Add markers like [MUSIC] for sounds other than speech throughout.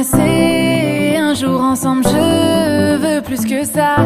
passer un jour ensemble, je veux plus que ça.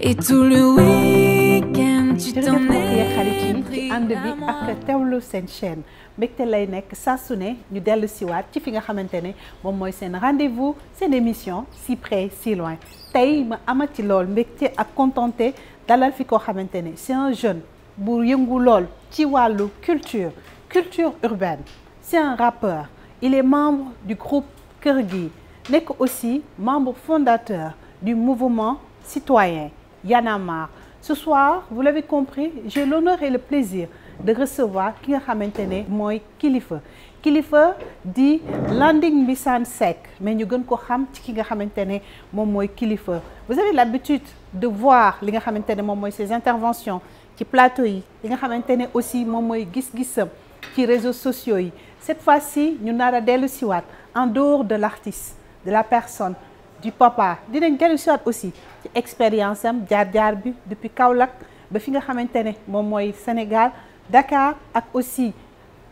Et tout le week tu t'en es xarit yi ci ànd bi ak teewlu seen chaîne mbégte lay nekk saa su ne ñu dellu siwaat ci fi nga xamante ne moom mooy seen rendez-vous seen émission si près si loin tey ma amat ci lool mbégte ak contenté dalal fi koo xamante ne c'est un jeune bu yëngu lool ci wàllu culture culture urbaine c'est un rappeur il est membre du groupe Kër gi nekk aussi membre fondateur du mouvement citoyen Y'en a marre ce soir vous l'avez compris j'ai l'honneur et le plaisir de recevoir ki nga xamante ne mooy Kilifeu Kilifeu di Landing Mbissane Seck mais ñu gën ko xam ci ki nga xamante ne moom mooy Kilifeu vous avez l'habitude de voir li nga xamante ne moom mooy ses interventions ci plateau yi li nga xamante ne aussi moom mooy gis-gisam ci réseaux sociaux yi cette fois si ñu nar a dellu siwaat en dehors de l'artiste de la personne du papa dinañ dellu siwaat aussi ci expérience am jaar-jaar bi depuis Kaolack ba fi nga xamante ne moom mooy Sénégal Dakar ak aussi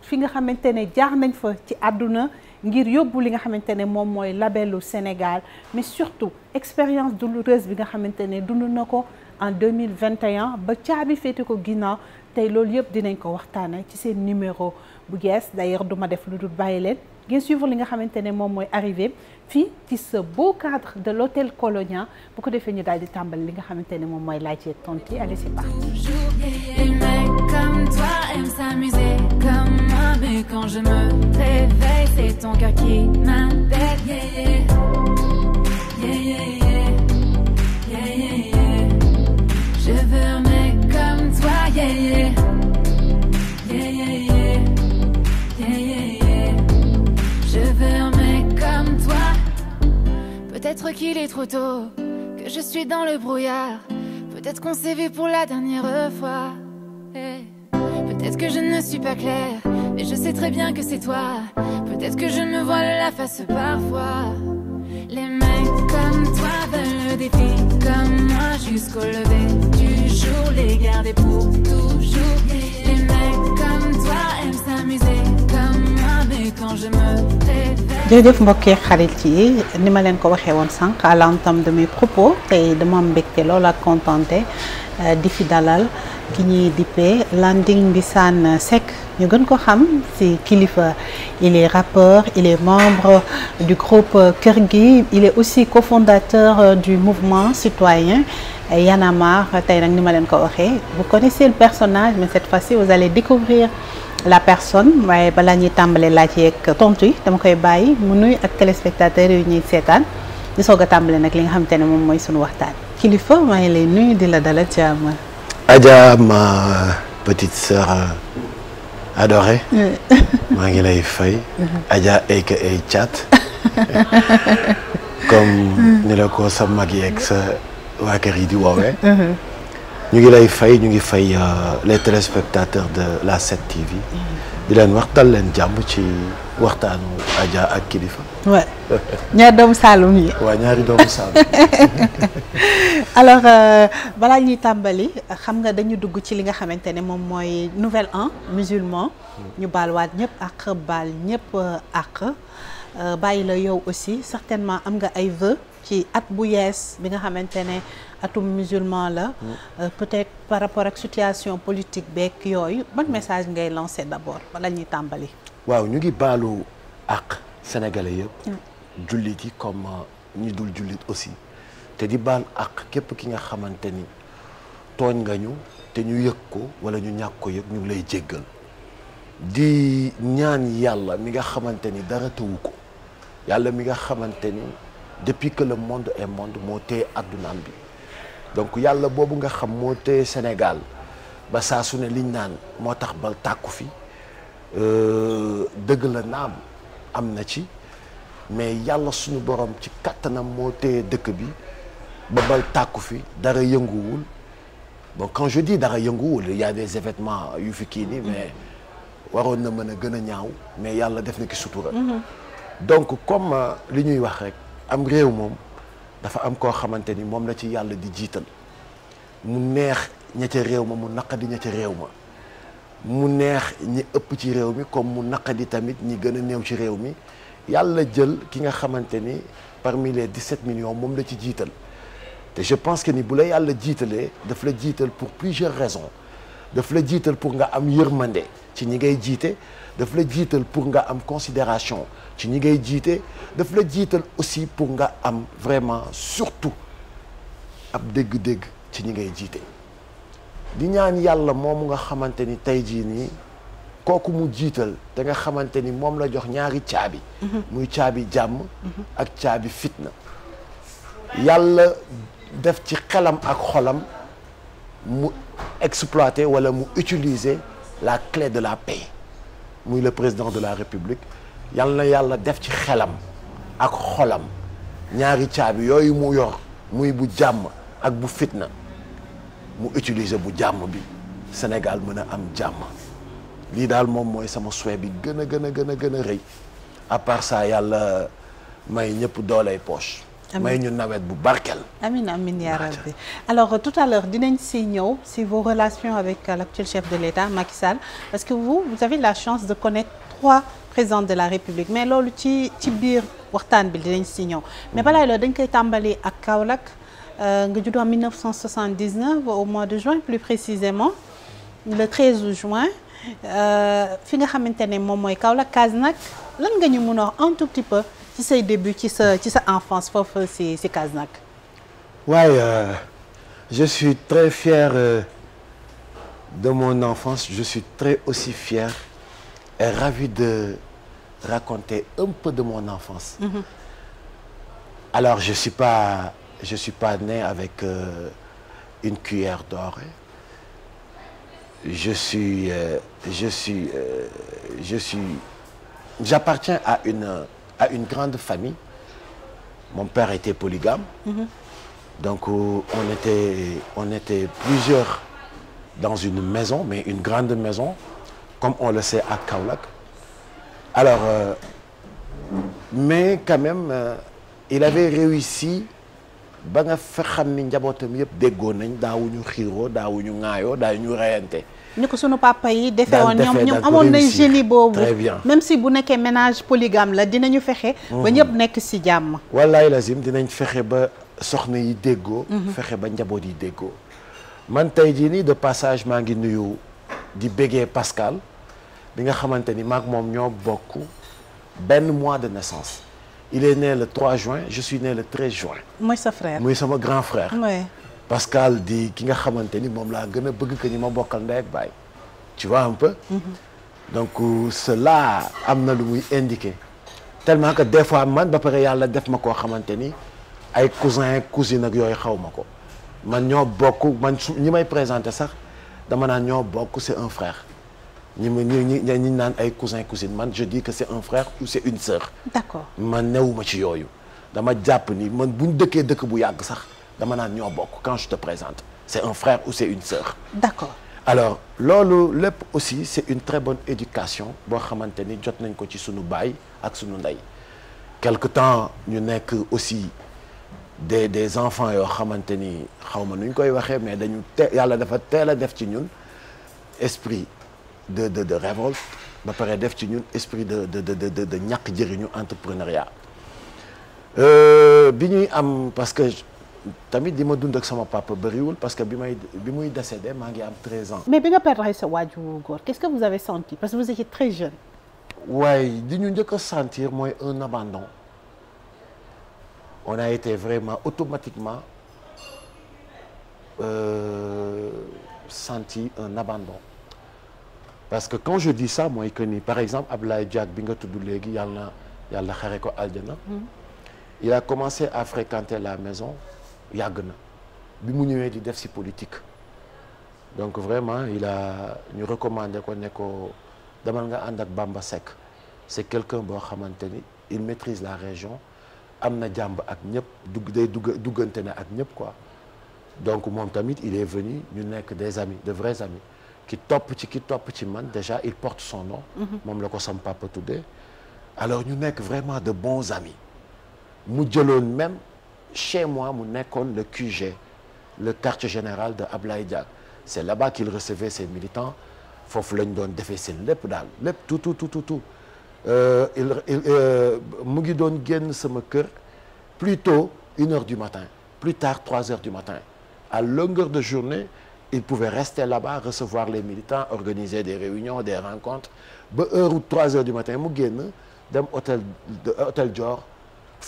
fi nga xamante ne jaar nañ fa ci àdduna ngir yóbbu li nga xamante ne moom mooy labelu Sénégal mais surtout expérience douloureuse bi nga xamante ne dundu na ko en 2021 ba caabi féete ko ginnaaw tey loolu yëpp dinañ ko waxtaane ci seen numéro bu gees d'ailleurs duma def lu dul bàyyi leen ngeen suivre li nga xamante ne moom mooy arrivé fii ci ce beau cadre de l'hôtel Colonia bu ko defee ñu daal di tambal li nga xamante ne moom mooy laaj yeeg tontu yi allez c'est parti s'amuser comme moi mais quand je me réveille c'est ton cœur qui m'appelle yeah, yeah, yeah. je veux un mec comme toi Yeah, yeah, yeah. Je veux un comme toi. Peut-être qu'il est trop tôt, que je suis dans le brouillard. Peut-être qu'on s'est vu pour la dernière fois. Eh. Peut-être que je ne suis pas claire, mais je sais très bien que c'est toi. Peut-être que je me voile la face parfois. Les mecs comme toi veulent le défi, comme moi jusqu'au lever du jour, les garder pour toujours. Les mecs comme toi aiment jërëjëf mbokk yi xarit yi ni ma leen ko waxee woon sànq à l'entame de mes propos tey dama mbégte lool ak contenté euh, di fi dalal ki ñuy dippee Landing Mbissane Seck ñu gën ko xam si kilifa il est rappeur il est membre du groupe Kër gi il est aussi cofondateur euh, du mouvement citoyen Y'en a tey nag ni ma leen ko waxee vous connaissez le personnage mais cette fois-ci vous allez découvrir la personne waaye balaa ñuy tàmbalee laaj yeeg tontu yi dama koy bàyyi mu nuy ak téléspectateurs yu ñuy seetaan di soog a tàmbalee nag li nga xamante ne moom mooy suñu waxtaan kilifa maa ngi lay nuyu di la dalal jàmm. Adja [LAUGHS] ngi lay fay. [LAUGHS] [LAUGHS] comme ni ko sa mag yeeg sa waa kër yi di woowee. Uh-huh. ñu ngi lay fay ñu ngi fay euh, les téléspectateurs de la 7TV. di leen waxtal leen jàmm ci waxtaanu Adja ak kilifa waaw ñaari doomu Saalum yi. waaw ñaari balaa ñuy tàmbali xam nga dañu dugg ci li nga xamante ne moom mooy nouvel an musulman. ñu baalwaat ñëpp ak baal ñëpp euh, àq euh, bàyyi la yow aussi certainement am nga ay vœux ci at bu yees bi nga xamante ne. atum musulman la mm. euh, peut-être par rapport ak situation politique beeg yooyu ban message ngay lancé d'abord bala ñuy tàmbali waaw ñu ngi baalu ak sénégalais yëpp mm. jullit yi comme euh, ñi dul jullit aussi te di baal ak képp ki nga xamante ni tooñ nga ñu te ñu yëg ko wala ñu ñàkk ko yëg ñu lay jéggal di ñaan yàlla mi nga xamante ni dara tawu ko yàlla mi nga xamante ni depuis que le monde est monde moo téye àddunaan bi donc yàlla boobu nga xam moo téye Sénégal ba saa su ne liñ naan moo tax bal tàkku fi euh, dëgg la naam am na ci mais yàlla suñu borom ci kattanam moo téye dëkk bi ba bal tàkku fi dara yënguwul bon quand je dara yënguwul il y des événements yu fi kii nii mais waroon na mën a gën a ñaaw mais yàlla def na ki sutura mm-hmm. donc comme euh, li ñuy wax rek am réew moom dafa am koo xamante ni moom la ci yàlla di jiital mu neex ña ca réew ma mu naqadi ña ca réew ma mu neex ñi ëpp ci réew mi comme mu naqadi tamit ñi gën a néew ci réew mi yàlla jël ki nga xamante ni parmi les 17 million moom la ci jiital te je pense que ni bu la yàlla jiitalee daf la jiital pour plusieurs raisons daf la jiital pour nga am yërmande ci ñi ngay jiite daf la jiital pour nga am considération ci ñi ngay jiite daf la jiital aussi pour nga am vraiment surtout ab dégg-dégg ci ñi ngay jiite di ñaan yàlla moomu nga xamante ni tey jii nii kooku mu jiital te nga xamante ni moom la jox ñaari caabi mm-hmm. muy caabi jàmm mm-hmm. ak caabi fitna yàlla def ci xelam ak xolam mu exploiter wala mu utiliser la clé de la paix muy le président de la république yal na yàlla def ci xelam ak xolam ñaari caabi yooyu mu yor muy bu jàmm ak bu fitna mu utiliser bu jàmm bi Sénégal mën a am jàmm lii daal moom mooy sama souhait bi gën a gën a gën a gën a rëy à part yàlla may ñëpp dooley poche. may ñu nawet bu barkeel. amiin amiin yaa rabbi alors euh, tout à l'heure dinañ si ñëw si vos relations avec euh, l'actuel chef de l'État Macky Sall parce que vous vous avez la chance de connaître trois présidents de la République mais loolu ci ci biir waxtaan bi dinañ si ñëw mais mhm. balaa loolu dañ koy tàmbali ak Kaolack euh, nga judd en 1979 au mois de juin plus précisément le 13 juin fi nga xamante ne moom mooy Kaolack Kasnack lan nga ñu mun a wax un tout petit peu. ci say début ci sa ci sa enfance foofu si si Kasnack. waaye euh, je suis très fier euh, de mon enfance je suis très aussi fier et ravi de raconter un peu de mon enfance. Mm -hmm. alors je suis pas je suis pas né avec euh, une cuillère d'or je suis euh, je suis euh, je suis j'appartiens à une à une grande famille mon père était polygame mm -hmm. donc euh, on était on était plusieurs dans une maison mais une grande maison comme on le sait à Kaolack alors euh, mais quand même euh, il avait réussi ba nga fa xam ni njabootam yëpp déggoo nañ daawuñu xiiroo daawuñu ŋaayoo daawuñu reyante ni ko sunu papa yi defee woon ñoom ñoom amoon nañ génie boobu même si bu nekkee ménage polygame la dinañu fexe ba ñëpp mhm. nekk ci jàmm walla wallaay lazim dinañ fexe ba soxna yi déggoo mhm. fexe ba njaboot yi déggoo man tey jii nii de passage maa ngi nuyu di bégee Pascal bi nga xamante ni maag moom ñoo bokk benn mois de naissance il est né le 3 juin je suis né le 13 juin muy sa frère muy sama grand frère Pascal di ki nga xamante ni moom laa gën a bëgg que ñi ma bokkal ndey ak baay tu vois un peu. Mm-hmm. donc euh, cela am na lu muy indiqué. tellement que des fois man ba pare yàlla def ma koo xamante ni ay cousin cousine ak yooyu xaw ma ko man ñoo bokk man su ñi may présenté sax dama naan ñoo bokk c'est un frère. ñi ma ñi ñi naan ay cousin cousine man je dis que c'est un frère ou c'est une sœur. d'accord man newuma ci yooyu. dama jàpp ni man buñ dëkkee dëkk bu yàgg sax. dama naan ñoo bokk quand je te présente c'est un frère ou c'est une sœur d'accord alors loolu lépp aussi c'est une très bonne éducation boo xamante ni jot nañ ko ci sunu baay ak sunu ndey quelque temps ñu nekk aussi des des enfants yoo xamante ni xaw ma nu ñu koy waxee mais dañu te yàlla dafa teel a def ci ñun esprit de de de révolte ba pare def ci ñun esprit de de de de de ñàkk jëriñu entrepreneuriat euh, tamit di ma dund ak sama papa bëriwul parce que bi may bi muy décédé maa ngi am 13 ans. mais bi nga perdre sa waajur góor qu'est-ce que vous avez senti parce que vous étiez très jeune. waaye di ñu njëkk a sentir mooy un abandon on a été vraiment automatiquement euh, senti un abandon parce que quand je dis ça mooy que ni par exemple Ablaye Diak bi nga tudd léegi yàlla na yàlla xare ko aljana mm-hmm. il a commencé à fréquenter la maison yàgg na bi mu ñëwee di def ci politique donc vraiment i a ñu recommandé ko ne ko demal nga ànd ak Bamba Seck c'est quelqu'un boo xamante ni il maîtrise la région am na jàmb ak ñëpp dugg day dugg duggante na ak ñëpp quoi donc moom tamit il est venu ñu nekk des amis de vrais amis ki topp ci ki topp ci man déjà il porte son nom mm-hmm. moom la ko sam papa tuddee alors ñu nekk vraiment de bons amis mu jëloon même chez moi mu nekkoon le QG le quartier général de Ablaye Diack c'est là-bas qu'il recevait ses militants foofu lañ doon defee seen lépp daal lépp tout tout tout tout tout euh, il il euh, mu ngi doon génn sama kër plus tôt une heure du matin plus tard trois heures du matin à longueur de journée il pouvait rester là-bas recevoir les militants organiser des réunions des rencontres ba heure ou trois heures du matin mu génn dem hôtel hôtel Dior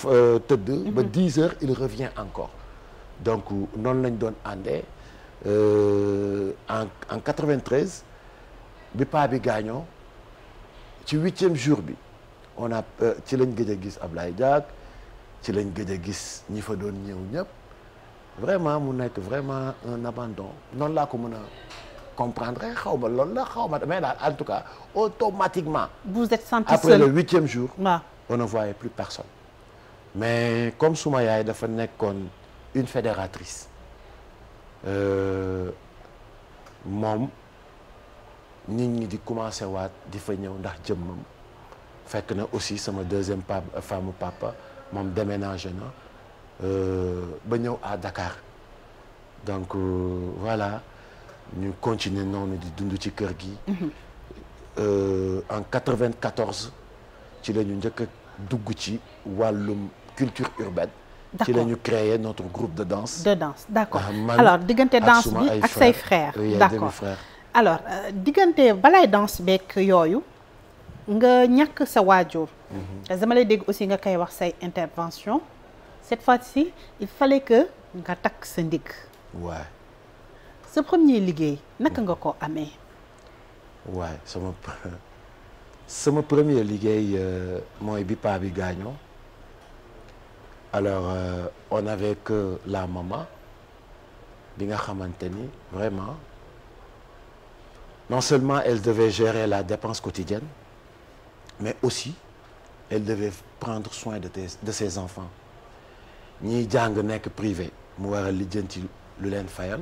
Euh, tëdd ba mhm. dix heures il revient encore donc noonu lañ doon àndee euh, en en 93 bi paa bi gaañoo ci huitième jour bi on a euh, ci lañ gëj a gis Ablaye Diak ci lañ gëj a gis ñi fa doon ñëw ñëpp vraiment mu nekk vraiment un abandon noonu laa ko mën a comprendre xaw ma loolu la xaw ma mais daal en tout cas automatiquement. vous êtes senti seul après le huitième jour. waaw on ne voyait plus personne. mais comme suma yaay dafa nekkoon une fédératrice euh, moom nit ñi di commencé waat di fa ñëw ndax jëmmam fekk na aussi sama deuxième pa femme papa moom déménagé na euh, ba ñëw à Dakar donc euh, voilà ñu continuer noonu di dund ci kër gi. Mhm. en 94 ci la njëkk a dugg ci wàllum. culture urbaine. ci la ñu créé notre groupe de danse. de d' accord ah, alors diggante danse bi ak say frères d' euh, diggante balay danse beeg yooyu nga ñàkk sa waajur. Mhm. dama lay dégg aussi nga koy wax say intervention cette fois si il fallait que nga takk sa ndigg. waaw. sa premier liggéey naka nga ko amee. waaw [LAUGHS] sama premier liggéey euh, mooy bi paa gaañoo. alors euh, on avait que la maman bi nga xamante ni vraiment non seulement elle devait gérer la dépense quotidienne mais aussi elle devait prendre soin de tes, de ses enfants ñiy jàng nekk privé mu war a lijjanti lu leen fayal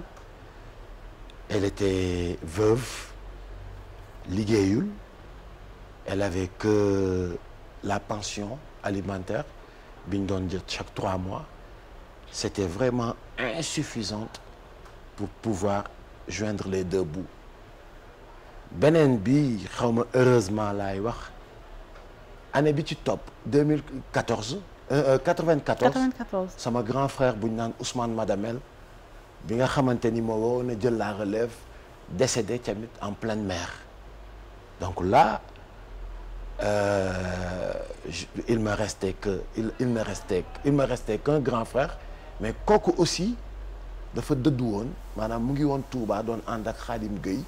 elle était veuve liggéeyul elle avait que la pension alimentaire bi ñu doon jël chaque trois mois c'était vraiment insuffisante pour pouvoir joindre les deux bouts beneen bi xaw ma heureusement laay wax année bi ci topp 2014 euh, 94 euh, 94 sama grand frère bu ñu naan Ousmane Madamel bi nga xamante ni moo waroon a jël la relève décédé tamit en pleine mer donc là euh, il me restait que il il me restait il me grand frère mais kooku aussi dafa dëddu woon maanaam mu ngi woon Touba doon ànd ak Khadim Gueye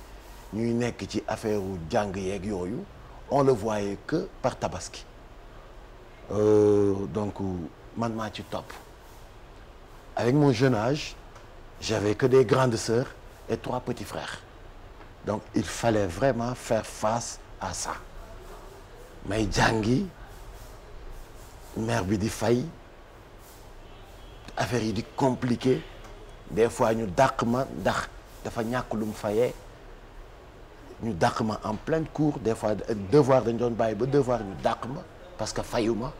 ñuy nekk ci affaire jàng yeeg yooyu on le voyait que par tabaski euh, donc man maa ci topp avec mon jeune âge j'avais que des grandes sœurs et trois petits frères donc il fallait vraiment faire face à ça may jàngi mère bi di fay affaire yi di compliqué des fois ñu dàq ma ndax dafa ñàkk lu mu fayee ñu dàq ma en pleine cour des fois devoir dañ doon bàyyi ba devoir ñu dàq ma parce que fayu ma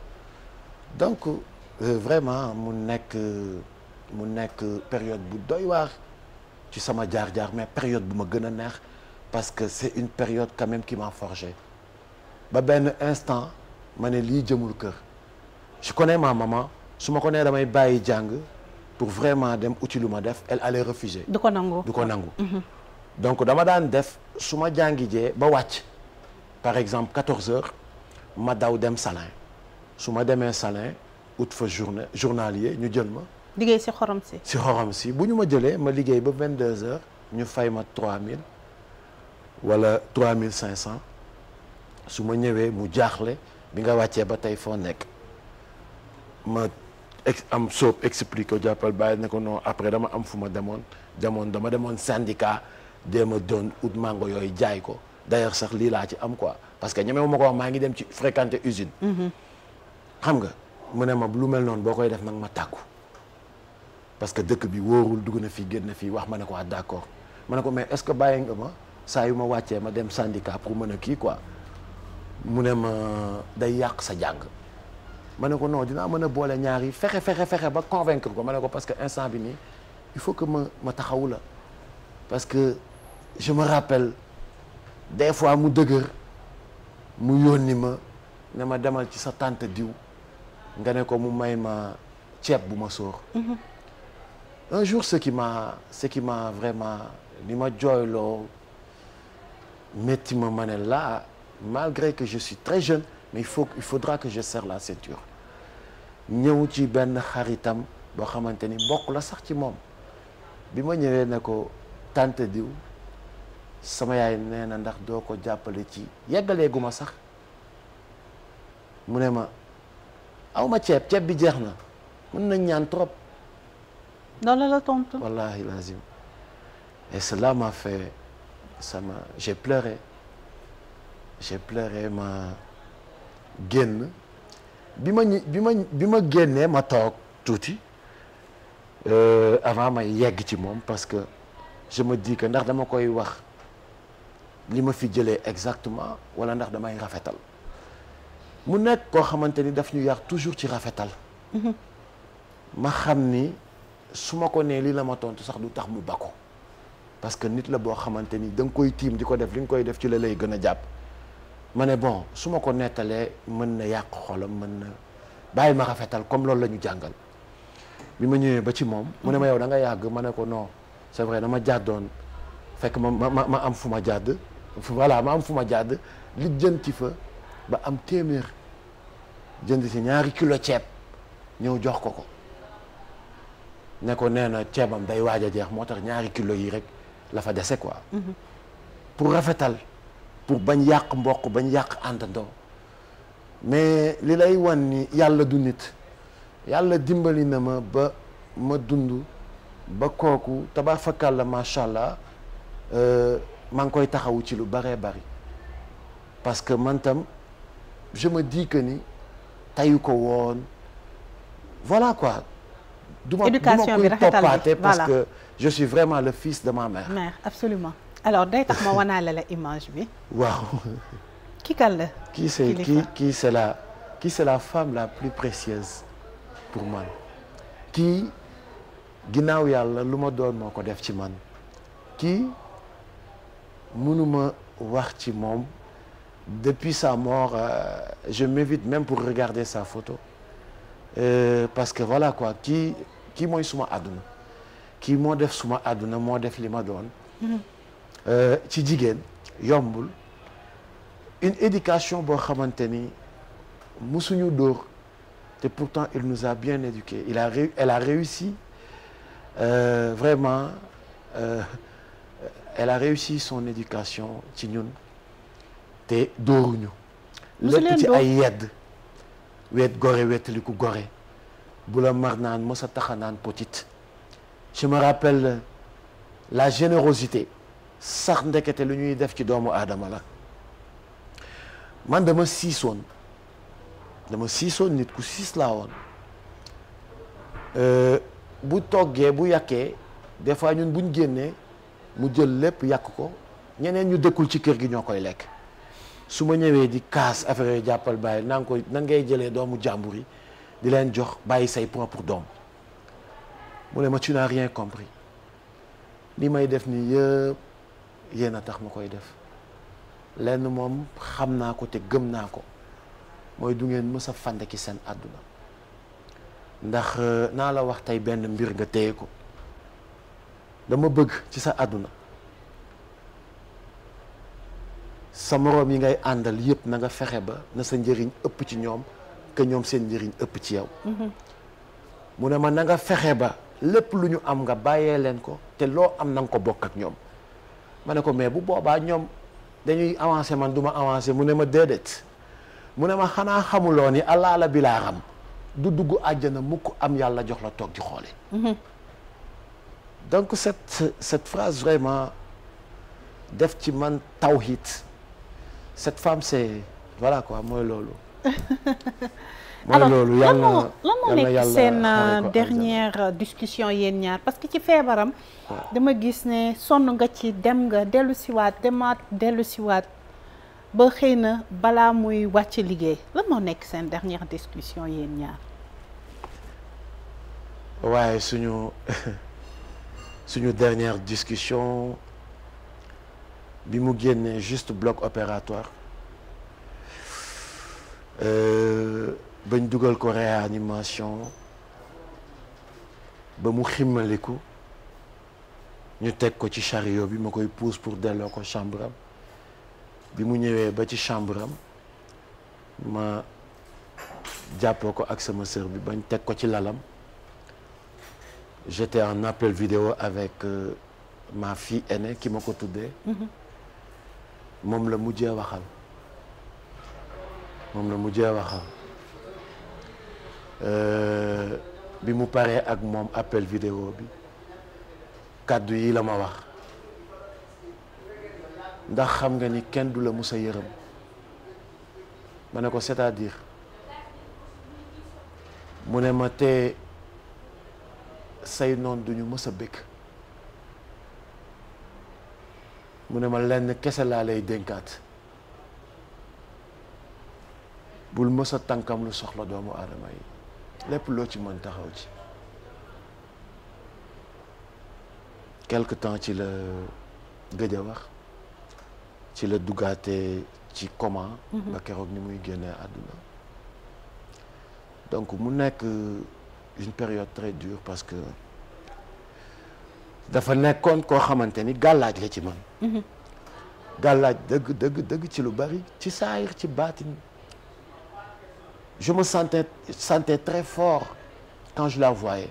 donc euh, vraiment mu nekk mu nekk période bu doy waar ci sama jaar-jaar mais période bu ma gën a neex parce que c'est une période quand même qui m'a forgé ba benn instant ma ne lii jëmul kër je connais ma maman su ma ko nee damay bàyyi jàng pour vraiment dem uti lu ma def elle allait refuser. du ko nangu du ko nangu. Mm-hmm. Mm-hmm. donc dama daan def su ma jàngi jee ba wàcc par exemple 14 heures ma daw dem salin su ma demee salin ut fa journée journalier ñu jël ma. liggéey si xorom si. si xorom si bu ñu ma jëlee ma liggéey ba 22 heures ñu fay ma 3000 wala 3500. su ma ñëwee mu jaaxle bi nga wàccee ba tey foo nekk ma am soob explique ko jàppal bàyyi ne ko non après dama am fu ma demoon demoon dama demoon syndicat dee ma doon ut mango yooyu jaay ko d'ailleurs sax lii laa ci am quoi parce que ñemewu ma ko wax maa ngi dem ci fréquenter usine mhm. xam nga mu ne ma lu mel noonu boo koy def nag ma tàkku parce que dëkk bi wóorul dugg na fii génn fii wax ma ne ko ah d'accord ma ne ko mais est-ce que bàyyi nga ma saa yu ma wàccee ma dem syndicat pour mën a kii quoi mu ne ma day yàq sa jàng ma ne ko non dinaa mën a boole ñaari fexe fexe fexe ba convaincre ko ma ne ko parce que instant bi nii il faut que ma ma taxawu la parce que je me rappelle des fois mu dëgër mu yónni ma ne ma demal ci sa tante diw nga ne ko mu may ma ceeb bu ma sóor mm-hmm. un jour ce qui m'a ce qui m'a vraiment li ma jooyloo métti ma ma ne laa malgré que je suis très jeune mais il faut il faudra que je serre la ceinture ñëw ci benn xaritam boo xamante ni bokk la sax ci moom bi ma ñëwee ne ko tante diw sama yaay nee na ndax doo ko jàppale ci yeggaleegu ma sax mu ne ma aw ma ceeb ceeb bi jeex na mën nañ ñaan trop. loolu la tontu. wallahi lazim et cela m'a fait sama m'a pleure j'ai pleuré ma génn bi ma bi ma bi ma génnee ma toog tuuti euh, avant may yegg ci moom parce que je ma dis ndax dama koy wax li ma fi jëlee exactement wala ndax damay rafetal mu nekk koo xamante ni daf ñu yar toujours ci rafetal mhm. ma xam ni su ma ko nee lii la ma tontu sax du tax mu bako parce que nit la boo xamante ni da koy tiim di ko def li nga koy def ci la lay gën a jàpp ma ne bon su ma ko nettalee mën na yàq xolam mën na bàyyi ma rafetal comme loolu la ñu jàngal bi ma ñëwee ba ci moom mu ne ma yow da yàgg ma ne ko noon c'est vrai dama jàddoon fekk ma ma ma am fu ma jàdd voilà ma am fu ma jàdd li jënti fa ba am téeméer jënd si ñaari kilo ceeb ñëw jox ko ko ne ko nee na ceebam day waaj a jeex moo tax ñaari kilo yi rek la fa dese quoi mm-hmm. pour rafetal pour bañ yàq mbokk bañ yàq àndandoo mais li lay wan ni yàlla du nit yàlla dimbali na ma ba ma dund ba kooku tabaar fakal la macha allah euh, maa ngi koy taxawu ci lu bëree bëri parce que man tam je me dis que ni tayu ko woon voilà quoi. du ma du toppaate parce que je suis vraiment le fils de ma mère. alors day tax ma wanaale la image bi. waaw. ki kan la. kii c'est kii kii c'est la kii c'est la femme la plus précieuse pour man kii ginnaaw yàlla lu ma doon moo ko def ci man kii mënuma wax ci moom depuis sa mort euh, je m'évite même pour regarder sa photo euh, parce que voilà quoi kii kii mooy suma àdduna kii moo def suma àdduna moo def li ma doon. Mm-hmm. Euh, ci jigéen yombul une éducation boo xamante ni musuñu dóor te pourtant il nous a bien éduqués il a elle a réussi euh, vraiment euh, elle a réussi son éducation ci ñun te dóoruñu lépp ci ay yedd weet gore wettaliku gore bu la mar naan mos a taxa naan petit je me rappelle la générosité sax ndekete lu ñuy def ci doomu aadama la man dama siisoon dama siisoon nit ku siis laa woon euh, bu toggee bu yàkkee des fois ñun buñ génnee mu jël lépp yàkk ko ñeneen ñu dëkkul ci kër gi ñoo koy lekk su ma ñëwee di kaas affaire jàppal bàyyi naa ngay jëlee doomu jàmbur yi di leen jox bàyyi say propre doom mu ne ma tu n'as rien compris li may def nii yëpp yéen a tax ma koy def lenn moom xam naa ko te gëm naa ko mooy du ngeen mësa a seen àdduna ndax euh, naa la wax tey benn mbir nga téye ko dama bëgg ci sa àdduna sa moroom yi ngay àndal yépp na nga fexe ba na sa njëriñ ëpp ci ñoom que ñoom seen njëriñ ëpp ci yow mm-hmm. mu ne ma na nga fexe ba lépp lu ñu am nga bàyyee leen ko te loo am na nga ko bokk ak ñoom ma ne ko mais bu boobaa ñoom dañuy avancer man du ma avancer mu ne ma déedéet mu ne ma xanaa xamuloo ni alaala bi laa xam du dugg àjjana mukk am yàlla jox la toog ci xoole mhm. donc cette cette phrase vraiment def ci man tawhid cette femme c'est voilà quoi mooy loolu [LAUGHS] alors loolu moo lan moo nekk seen euh, dernière euh, discussion yéen ñaar parce que ci feebaram dama gis ne sonn nga ci dem nga dellusi siwaat demaat dellu siwaat ba xëy na balaa muy wàcc liggéey lan moo nekk seen dernière discussion yéen ñaar waaye suñu [LAUGHS] suñu dernière discussion bi mu génnee juste bloc opératoire euh, bañ dugal ko réanimation ba mu ximmaliku ñu teg ko ci chariot bi ma koy pouse pour delloo ko chambre bi mu ñëwee ba ci chambre am ma jàppoo ko ak sama sœur bi bañ teg ko ci lalam j'étais en appel vidéo avec euh, ma fille aînée ki ma ko tuddee mm-hmm. moom la mujjee waxal moom la mujjee waxal Euh, bi mu paree ak moom appel vidéo bi kàddu yi la ma wax ndax xam nga ni kenn du la mus a yërëm ma ne ko cest à mu ne ma te say noon duñu mës a bëgg mu ne ma lenn kese laa lay dénkaat bul mësa a lu soxla doomu aadama yi lépp loo ci mën taxaw ci quelque temps ci la gëj a ci la duggaatee ci comment mhm. ba keroog ni muy génnee àdduna donc mu nekk une période très dure parce que dafa nekkoon koo xamante ni gàllaaj la ci man mhm. gàllaaj dëgg dëgg dëgg ci lu bari ci saayir ci baatin je me santé très fort quand je la voyais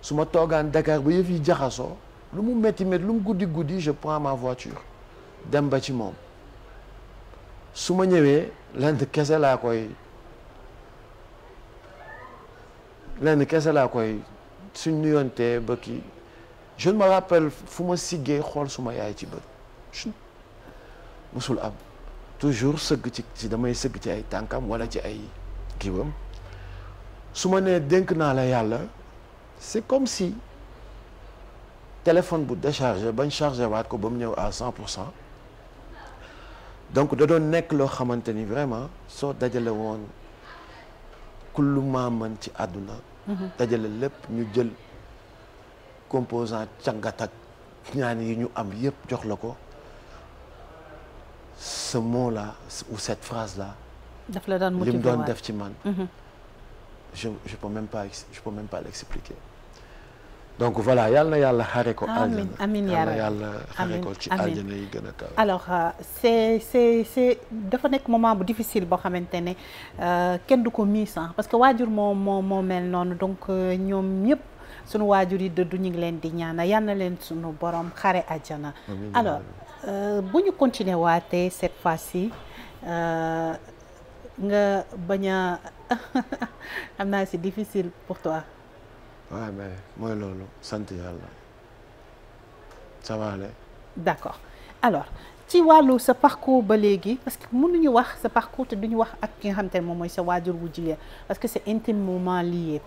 su ma toogaan Dakar ba yëf yi jaxasoo lu mu métti métti lu mu guddi guddi je prends ma voiture dem ba ci moom su ma ñëwee lenn kese laa koy lenn kese laa koy suñ nuyontee ba kii je me fu ma siggee xool suma yaay ci bët musul am toujours sëgg ci ci damay sëgg ci ay tànkam wala ci ay kiiwam su ma nee dénk naa la yàlla c'est comme si téléphone bu déchargé bañ chargé waat ko ba mu ñëw à cent pour donc da doon nekk loo xamante ni vraiment soo dajale woon kullu maa mën ci àdduna mm-hmm. dajale lépp ñu jël composant cangatak ñaan yi ñu am yëpp jox la ko ce mot là ou cette phrase là daf la daan motiver li mu doon def ci man. Mhm. je je pas je peux donc voilà yal yàlla xare ko. amiin yàlla yàlla xare ko ci aljana yi gën a kaw. alors euh, c'est c'est dafa nekk moment bu difficile boo xamante ne euh, kenn du ko miis parce que waajur moo moo moo mel noonu donc euh, ñoom ñëpp sunu waajur yi du ñu ngi leen di ñaana yal leen sunu borom xare aljana. alors bu ñu continuer waatee cette fois-ci. nga bañ a [LAUGHS] am naa si difficile pour toi. waaw mais mooy loolu sant yàlla ça va aller. d'accord alors ci wàllu sa parcours ba léegi parce que mënuñu wax sa parcours te duñu wax ak ki nga xamante ne moom mooy sa waajur wu jigéen parce que c'est intimement lié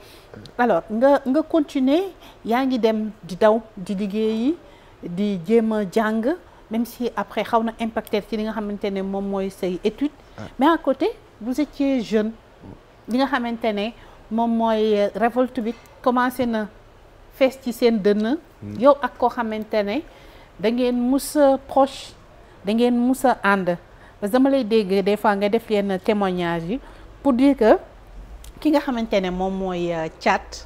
alors nga nga continuer yaa ngi dem di daw di liggéeyi di jéem a jàng même si après xaw na impacter ci li nga xamante ne moom mooy say études mais à côté vous étiez jeune li nga xamante ne moom mooy révolte bi commencé na fees ci seen dënn mm. yow ak koo xamante ne da ngeen mus proche da ngeen mus ànd parce dama lay dégg des fois nga def yenn témoignage yi pour dire que ki nga xamante ne moom mooy euh, Thiat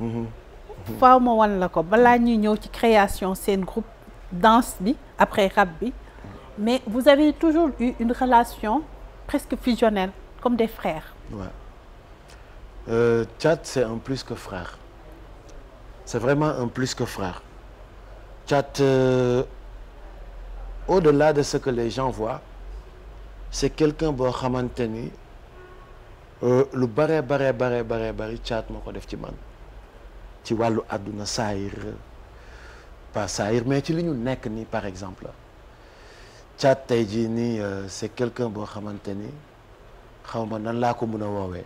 mm-hmm. Mm-hmm. faaw ma wan la ko balaa ñuy ñëw ci création seen groupe danse bi après rap bi mm. mais vous avez toujours eu une relation presque fusionnel comme des frères. waaw ouais. Euh, Tchad c'est un plus que frère c'est vraiment un plus que frère Tchad euh, au-delà de ce que les gens voient c'est quelqu'un boo xamante ni euh, lu bare bare bare bare bari Tchad moo ko def ci man ci wàllu àdduna saayir pas saayir mais ci li ñu nekk nii par exemple. Thiat tey jii nii euh, c'est quelqu'un boo xamante ni xaw ma nan laa ko mën a woowee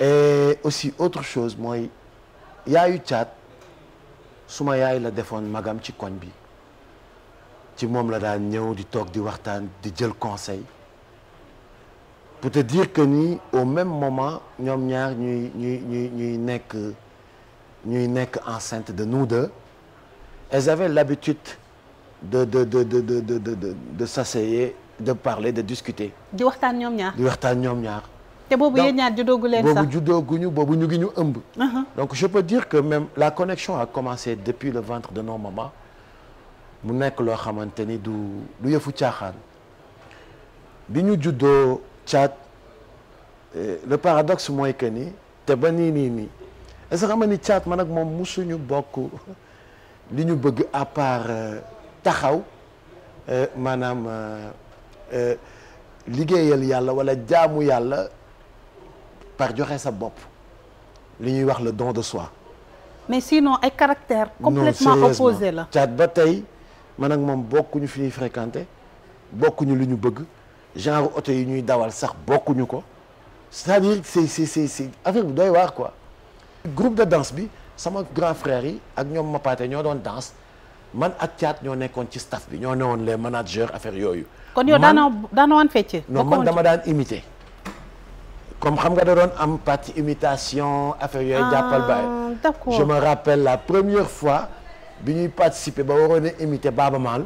et aussi autre chose mooy yaayu Thiat suma yaay la defoon magam ci koñ bi ci moom la daal ñëw di toog di waxtaan di jël conseil pour te dire que nii au même moment ñoom ñaar ñuy ñuy ñuy ñuy nekk ñuy nekk enceinte de nous deux elles avaient l'habitude de de de de de de de de de s'asseoir de parler de discuter. di waxtaan ñoom ñaar waxtaan ñoom ñaar. te boobu yéen ñaar juddoogu leen sax boobu ñu ngi ñu ëmb. Uh-huh. donc je peux dire que même la connexion a commencé depuis le ventre de nos mamans mu nekk loo xamante ni du du yëfu caaxaan bi ñu juddoo caat eh, le paradoxe mooy que ni te ba nii nii nii est-ce que xam nga ni caat man ak moom musuñu bokk li ñu bëgg à part. Euh, taxaw euh, maanaam euh, euh, liggéeyal yàlla wala jaamu yàlla par joxe sa bopp li ñuy wax le don de soi. mais sinon ay caractères complètement opposés la caat ba tey man moom bokkuñu fi ñuy fréquenté bokkuñu lu ñu bëgg genre oto yi ñuy dawal sax bokkuñu ko c'est-à-dire c'est c'est c'est c'est affaire bi doy waar quoi. groupe de danse bi sama grand frère yi ak ñoom Mapaate ñoo doon danse. man ak caat ñoo nekkoon ci staff bi ñoo newoon les managers affaire yooyu. kon yow daanoo daanoo wan fecce. non man dama daan imiter. comme xam nga da doon am partie imitation affaire yooyu ah, jàppal bàyyi. d'accord je me rappelle la première fois bi ñuy participer ba waroon a imiter Baaba Maal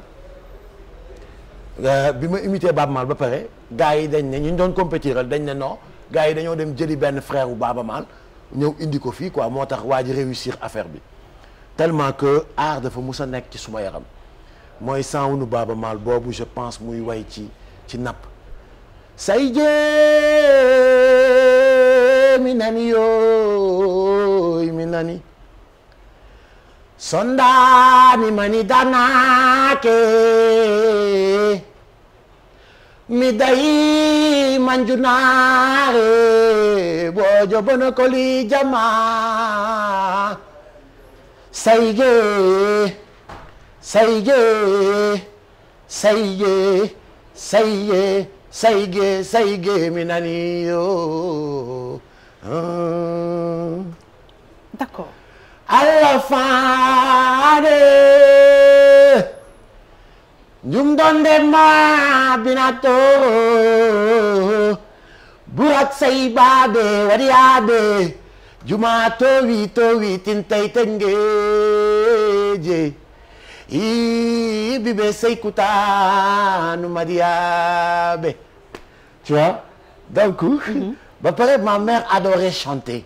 euh, bi ma imiter Baaba Maal ba pare gars yi dañ ne ñu doon compétiral dañ ne no gars yi dañoo dem jëli benn frère bu Baaba Maal ñëw indi ko fii quoi moo tax waa ji réussir affaire bi. tellement que aar dafa mus a nekk ci suma yaram mooy sanwunu baaba maal boobu je pense muy way ci ci napp say jee mi nani yooy mi nani sondani mani danake mi dayi manjunare bojo bono koli jama say sayge sayge sayge sayge sayge mi nani yo d'accord alafade njum donde ma binato burat saybade wariyade juma to wi to wi tin tay tangeje i bibe seykutanu mariabe tu vois mhm. ba pare ma mère adorait chanter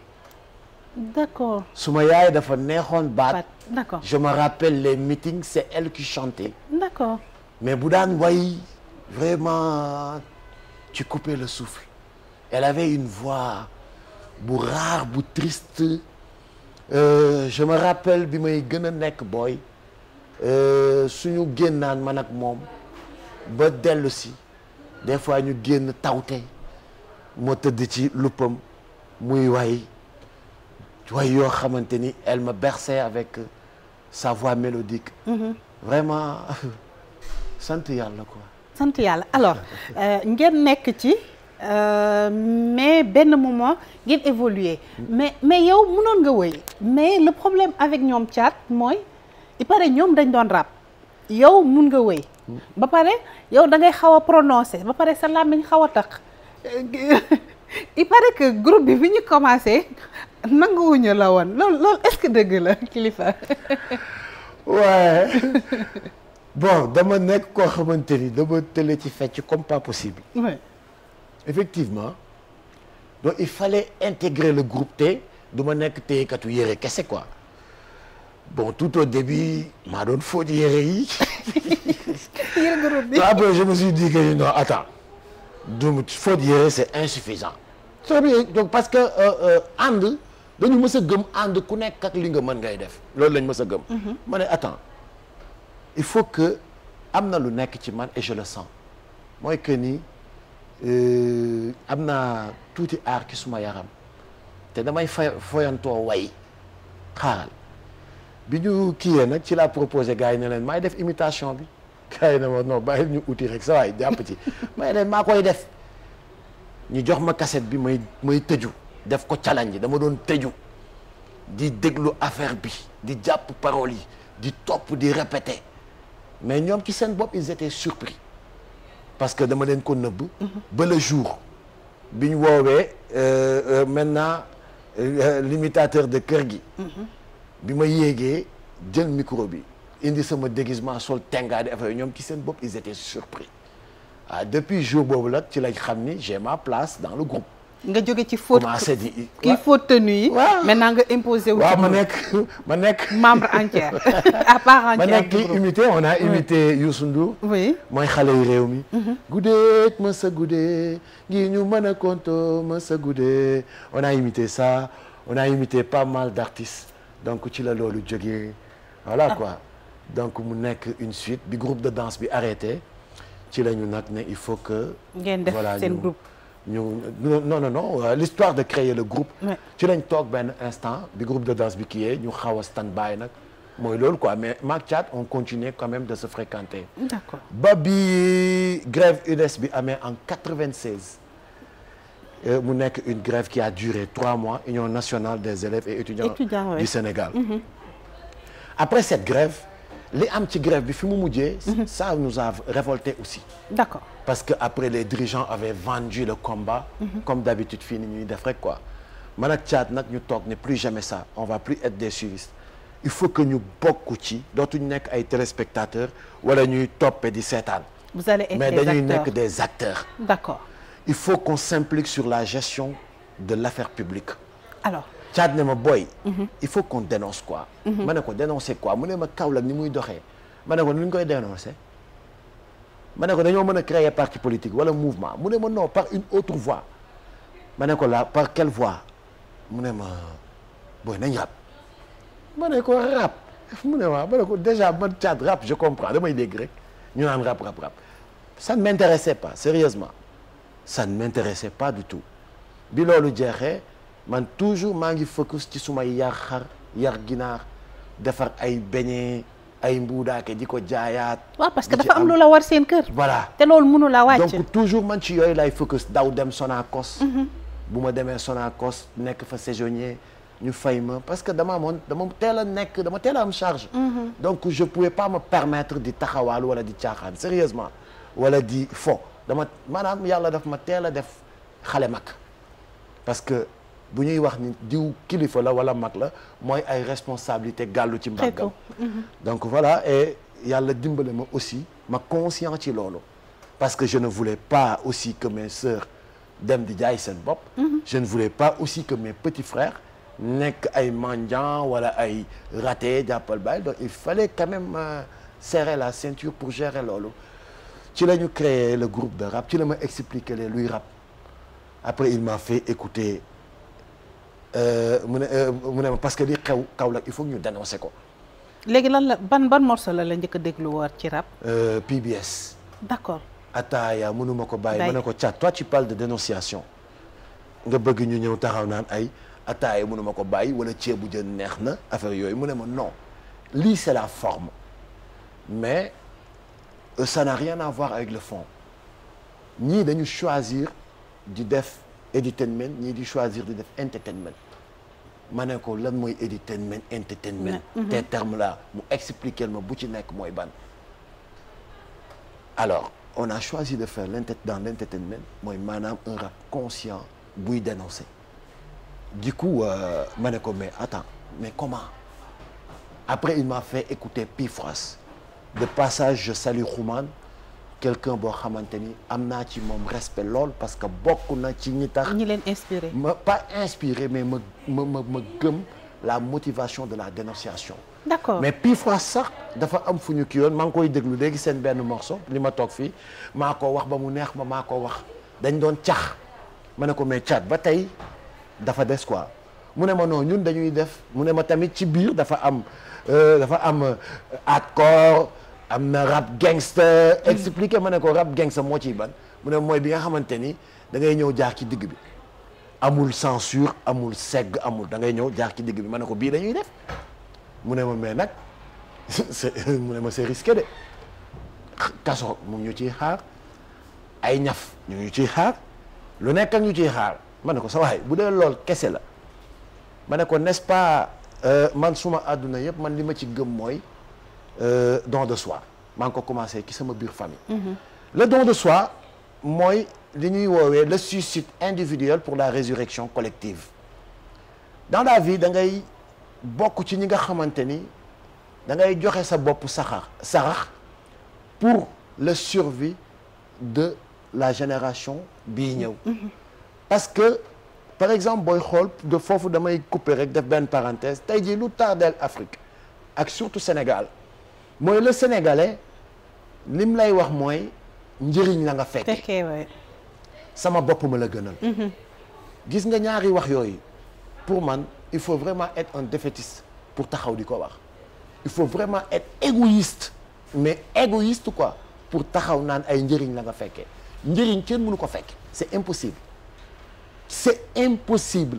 su suma yaay dafa neexoon baat d'accord je me rappelle les meetings c'est elle qui chantait mais bu daan way vraiment tu coupais le souffle elle avait une voix bu rare bu triste euh, je me rappelle bi may gën a nekk booy euh, suñu génnaan man ak moom ba dellu si des fois ñu génn tawte moo tëdd ci luppam muy way way yoo xamante ni elle me berçait avec sa voix mélodique mhm. vraiment [LAUGHS] sant yàlla quoi sant yàlla alors euh, ngeen nekk ci Euh, mais benn moment ngir évoluer mais mais yow mënoon nga woy mais le problème avec ñoom caat mooy il paraît ñoom dañ doon rap yow mun nga woy mm. ba pare yow dangay ngay xaw a prononcer ba pare sa làmmiñ xaw a tax [LAUGHS] il paraît que groupe bi bi ñu commencé nanguwuñu la woon loolu loolu est-ce que dëgg la kilifa. waaye [LAUGHS] bon dama nekk koo xamante ni dama tële ci fecc comme pas possible. Ouais. effectivement donc il fallait groupe te du ma nekk katu yére kese quoi bon tout au début maa doon fóot yére yi. [LAUGHS] yére groupe bi après je me suis dit que non attends donc fóot yére c'est insuffisant. très bien donc parce que euh, euh, ànd dañu mës a gëm ànd ku nekk ak li nga mën ngay def loolu lañ mës a gëm. Mhm. ma attends il faut que am na lu nekk ci man et je le sens Euh, am naa tuuti aar ci suma yaram te damay fay foyantoo way xaaral bi ñu kiiyee nag ci la proposé gars yi ne leen maay def imitation bi gars yi ne ma non bàyyi ñu uti rek sa waay jàpp ci [LAUGHS] may leen maa koy def ñu jox ma cassette bi may may tëju def ko challenge dama doon tëju di déglu affaire bi di jàpp paroles yi di topp di répéter mais ñoom ci seen bopp ils étaient surpris parce que dama leen ko nëbb ba le jour bi ñu woowee euh, euh, maintenant euh, l'imitateur de kër gi bi ma yéegee jël micro bi indi sama déguisement sol tengaa di affaire ñoom ci seen bopp ils étaient surpris ah depuis jour boobu la ci lañ xam ni j'ai ma place dans le groupe nga jóge ci faute commencé di yi. waaw maintenant nga imposé wu. waaw ma nekk ma nekk. membre entière [LAUGHS] à part ma nekk kii a imité Youssou mooy xale yu réew mi. Mhm. guddee ma sa guddee ngir ñu mën a konto ma sa guddee on a imité ça on a imité pas mal d'artistes donc ci la loolu jógee voilà ah. quoi donc mu nekk une suite bi groupe de danse bi arrêté ci la ñu nag ne il faut que. ngeen def seen groupe. ñu non non euh, de créer le toog benn instant groupe de bi kiyee ñu xaw a stand-by nag mooy loolu quoi mais maak on continuait quand de se fréquenter ba bi grève UDES bi amee en 96 euh, mu nekk une grève qui trois mois Union nationale des élèves et étudiants Étudiant, ouais. du mhm. ci grève bi fi mu mujjee mhm. ça nous a parce que après les dirigeants avaient vendu le combat mm comme d'habitude fii ni ñuy def rek quoi man ak Tchad nag ñu toog ne plus jamais ça on va plus être des suivistes il faut que ñu bokk ci dootuñu nekk ay téléspectateurs wala ñuy toppe di seetaan vous allez être mais dañuy nekk des acteurs d'accord il faut qu'on s'implique sur la gestion de l'affaire publique alors Tchad ne ma boy mhm. il faut qu'on dénonce quoi mhm. ma ne ko dénoncer quoi mu ne ma ni muy doxee ma ne ko ni ñu koy dénoncer ma ne ko dañoo mën a créer parti politique wala mouvement mu ne ma non par une autre voie ma ne ko la par quelle voie mu ne ma booy nañ rap ma ne ko rap mu ne ma ma ne ko déjà man caat rap je comprends damay dégg rek ñu naan rap rap rap ça ne m'intéressait pas sérieusement ça ne m'intéressait pas du tout bi loolu jeexee man toujours maa ngi focus ci sumay yar xar yar ginaar defar ay beñee ay mbuudaake di ko jaayaat. waaw parce que dafa am lu la war seen kër. voilà te loolu mënu la wàcc. donc toujours man ci yooyu lay focus daw dem Sonacos. Mhm. bu ma demee kos nekk fa saisonnier ñu fay ma parce que dama amoon dama teel a nekk dama teel am charge. Mhm. donc je pouvais pas me permettre di taxawaal wala di caaxaan sérieusement wala di fo dama maanaam yàlla def ma teel a def xale mag parce que. bu ñuy wax ni diw kilifa la wala mag la mooy ay responsabilité gàllu ci mbàggam mm-hmm. donc voilà et yàlla dimbale ma aussi ma conscient ci loolu parce que je ne voulais pas aussi que mes sœurs dem di jaay seen bopp mm-hmm. je ne voulais pas aussi que mes petits frères nekk ay mendiants wala ay raté jàppal bàyyi donc il fallait quand même euh, la ceinture pour gérer loolu ci la ñu le groupe de rap ci la ma le luy rap après il m'a fait écouter Euh, mu ne euh, mu ne ma parce que li xew kaw Kaolack il faut ñu dénoncer ko. léegi lan la ban ban morceau la la njëkk a déglu woon ci rap. Euh, PBS. d'accord. ataaya mënuma ko bàyyi mën na ko cat toi ci parles de dénonciation nga bëgg ñu ñëw taxaw naan ay ataaya mënuma ko bàyyi wala ceebu jën neex na affaire yooyu mu ne ma non lii c'est la forme mais ça n'a rien à voir avec le fond ñii dañu choisir di def edutainment ñii di choisir di def entertainment ma ne ko lan mooy edutainment entertainment mm-hmm. te terme là mu expliquer ma bu ci nekk mooy ban alors on a choisi de faire dans l'entertainment mooy maanaam un rap conscient buy dénoncer du coup euh, ma ne ko mais attends mais comment après il m'a fait écouter Pifras de passage je salue Roumane quelqu'un boo xamante ni am naa ci moom respect lool parce que bokk na ci ñi tax ñi leen inspiré ma pas inspiré mais ma ma ma ma gëm la motivation de la dénonciation d'accord mais puis fois sax dafa am fu ñu ki yoon maa ngi koy déglu léegi seen benn morso li ma toog fii maa ko wax ba mu neex ma maa ko wax dañ doon cax ma ne ko mais caat ba tey dafa des quoi mu ne ma noo ñun dañuy def mu ne ma tamit ci biir dafa am euh, dafa am euh, hardcore am na rap gangster expliqué ma ne ko rap gangster moo ciy ban mu ne mooy bi nga xamante ni da ngay ñëw jaar ci digg bi amul censure amul segg amul da ngay ñëw jaar ci digg bi ma ne ko bii dañuy def mu ne ma mais nag [LAUGHS] c'est mu ne ma c'est risqué de kaso mu ñu ciy xaar ay ñaf ñu ñu ciy xaar lu nekk ak ñu ciy xaar ma ne ko sa waay bu dee lool kese la ma ne ko n'est-ce pas euh, man suma àdduna yëpp man li ma ci gëm mooy Euh, don de soi maa ngi ko commencé ci sama biir famille. le don de soi mooy li ñuy woowee le suicide individuel pour la résurrection collective dans la vie da ngay bokk ci ñi nga xamante ni da joxe sa bopp saxax saxax pour le survie de la génération bii ñëw. parce que par exemple booy xool de foofu damay couper rek def benn parenthèse tey jii lu tardeel Afrique ak surtout Sénégal. mooy le sénégalais lim lay wax mooy njëriñ la nga fekke sama bopp ma la gënal mhm. gis nga ñaari wax yooyu pour man il faut vraiment et un défaitiste pour taxaw di ko wax il faut vraiment et égoïste mais égoïste quoi pour taxaw naan ay njëriñ la nga fekkee njëriñ kenn mënu ko fekke c'est impossible c'est impossible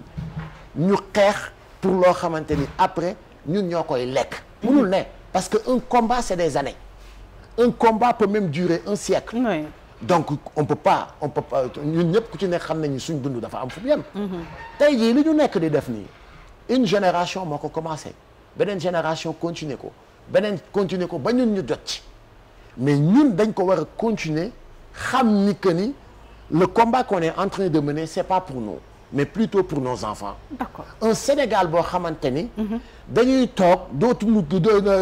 ñu xeex pour loo xamante ni après ñun ñoo koy lekk mënul ne parce que un combat c'est des années un combat peut même durer un siècle donc on peut pas on peut pas ñun ñëpp ku ci nekk xam nañu suñ dund dafa am fu mu yem mhm. tey jii li nekk di def nii une génération moo ko commencé beneen génération continuer ko beneen continuer ko ba ñun ñu jot mais ñun dañ ko war a continuer xam ni que ni le combat qu'on est en train de mener c'est pas pour nous mais plutôt pour nos enfants. d'accord un Sénégal boo xamante ni. Mhm. dañuy toog dootuñu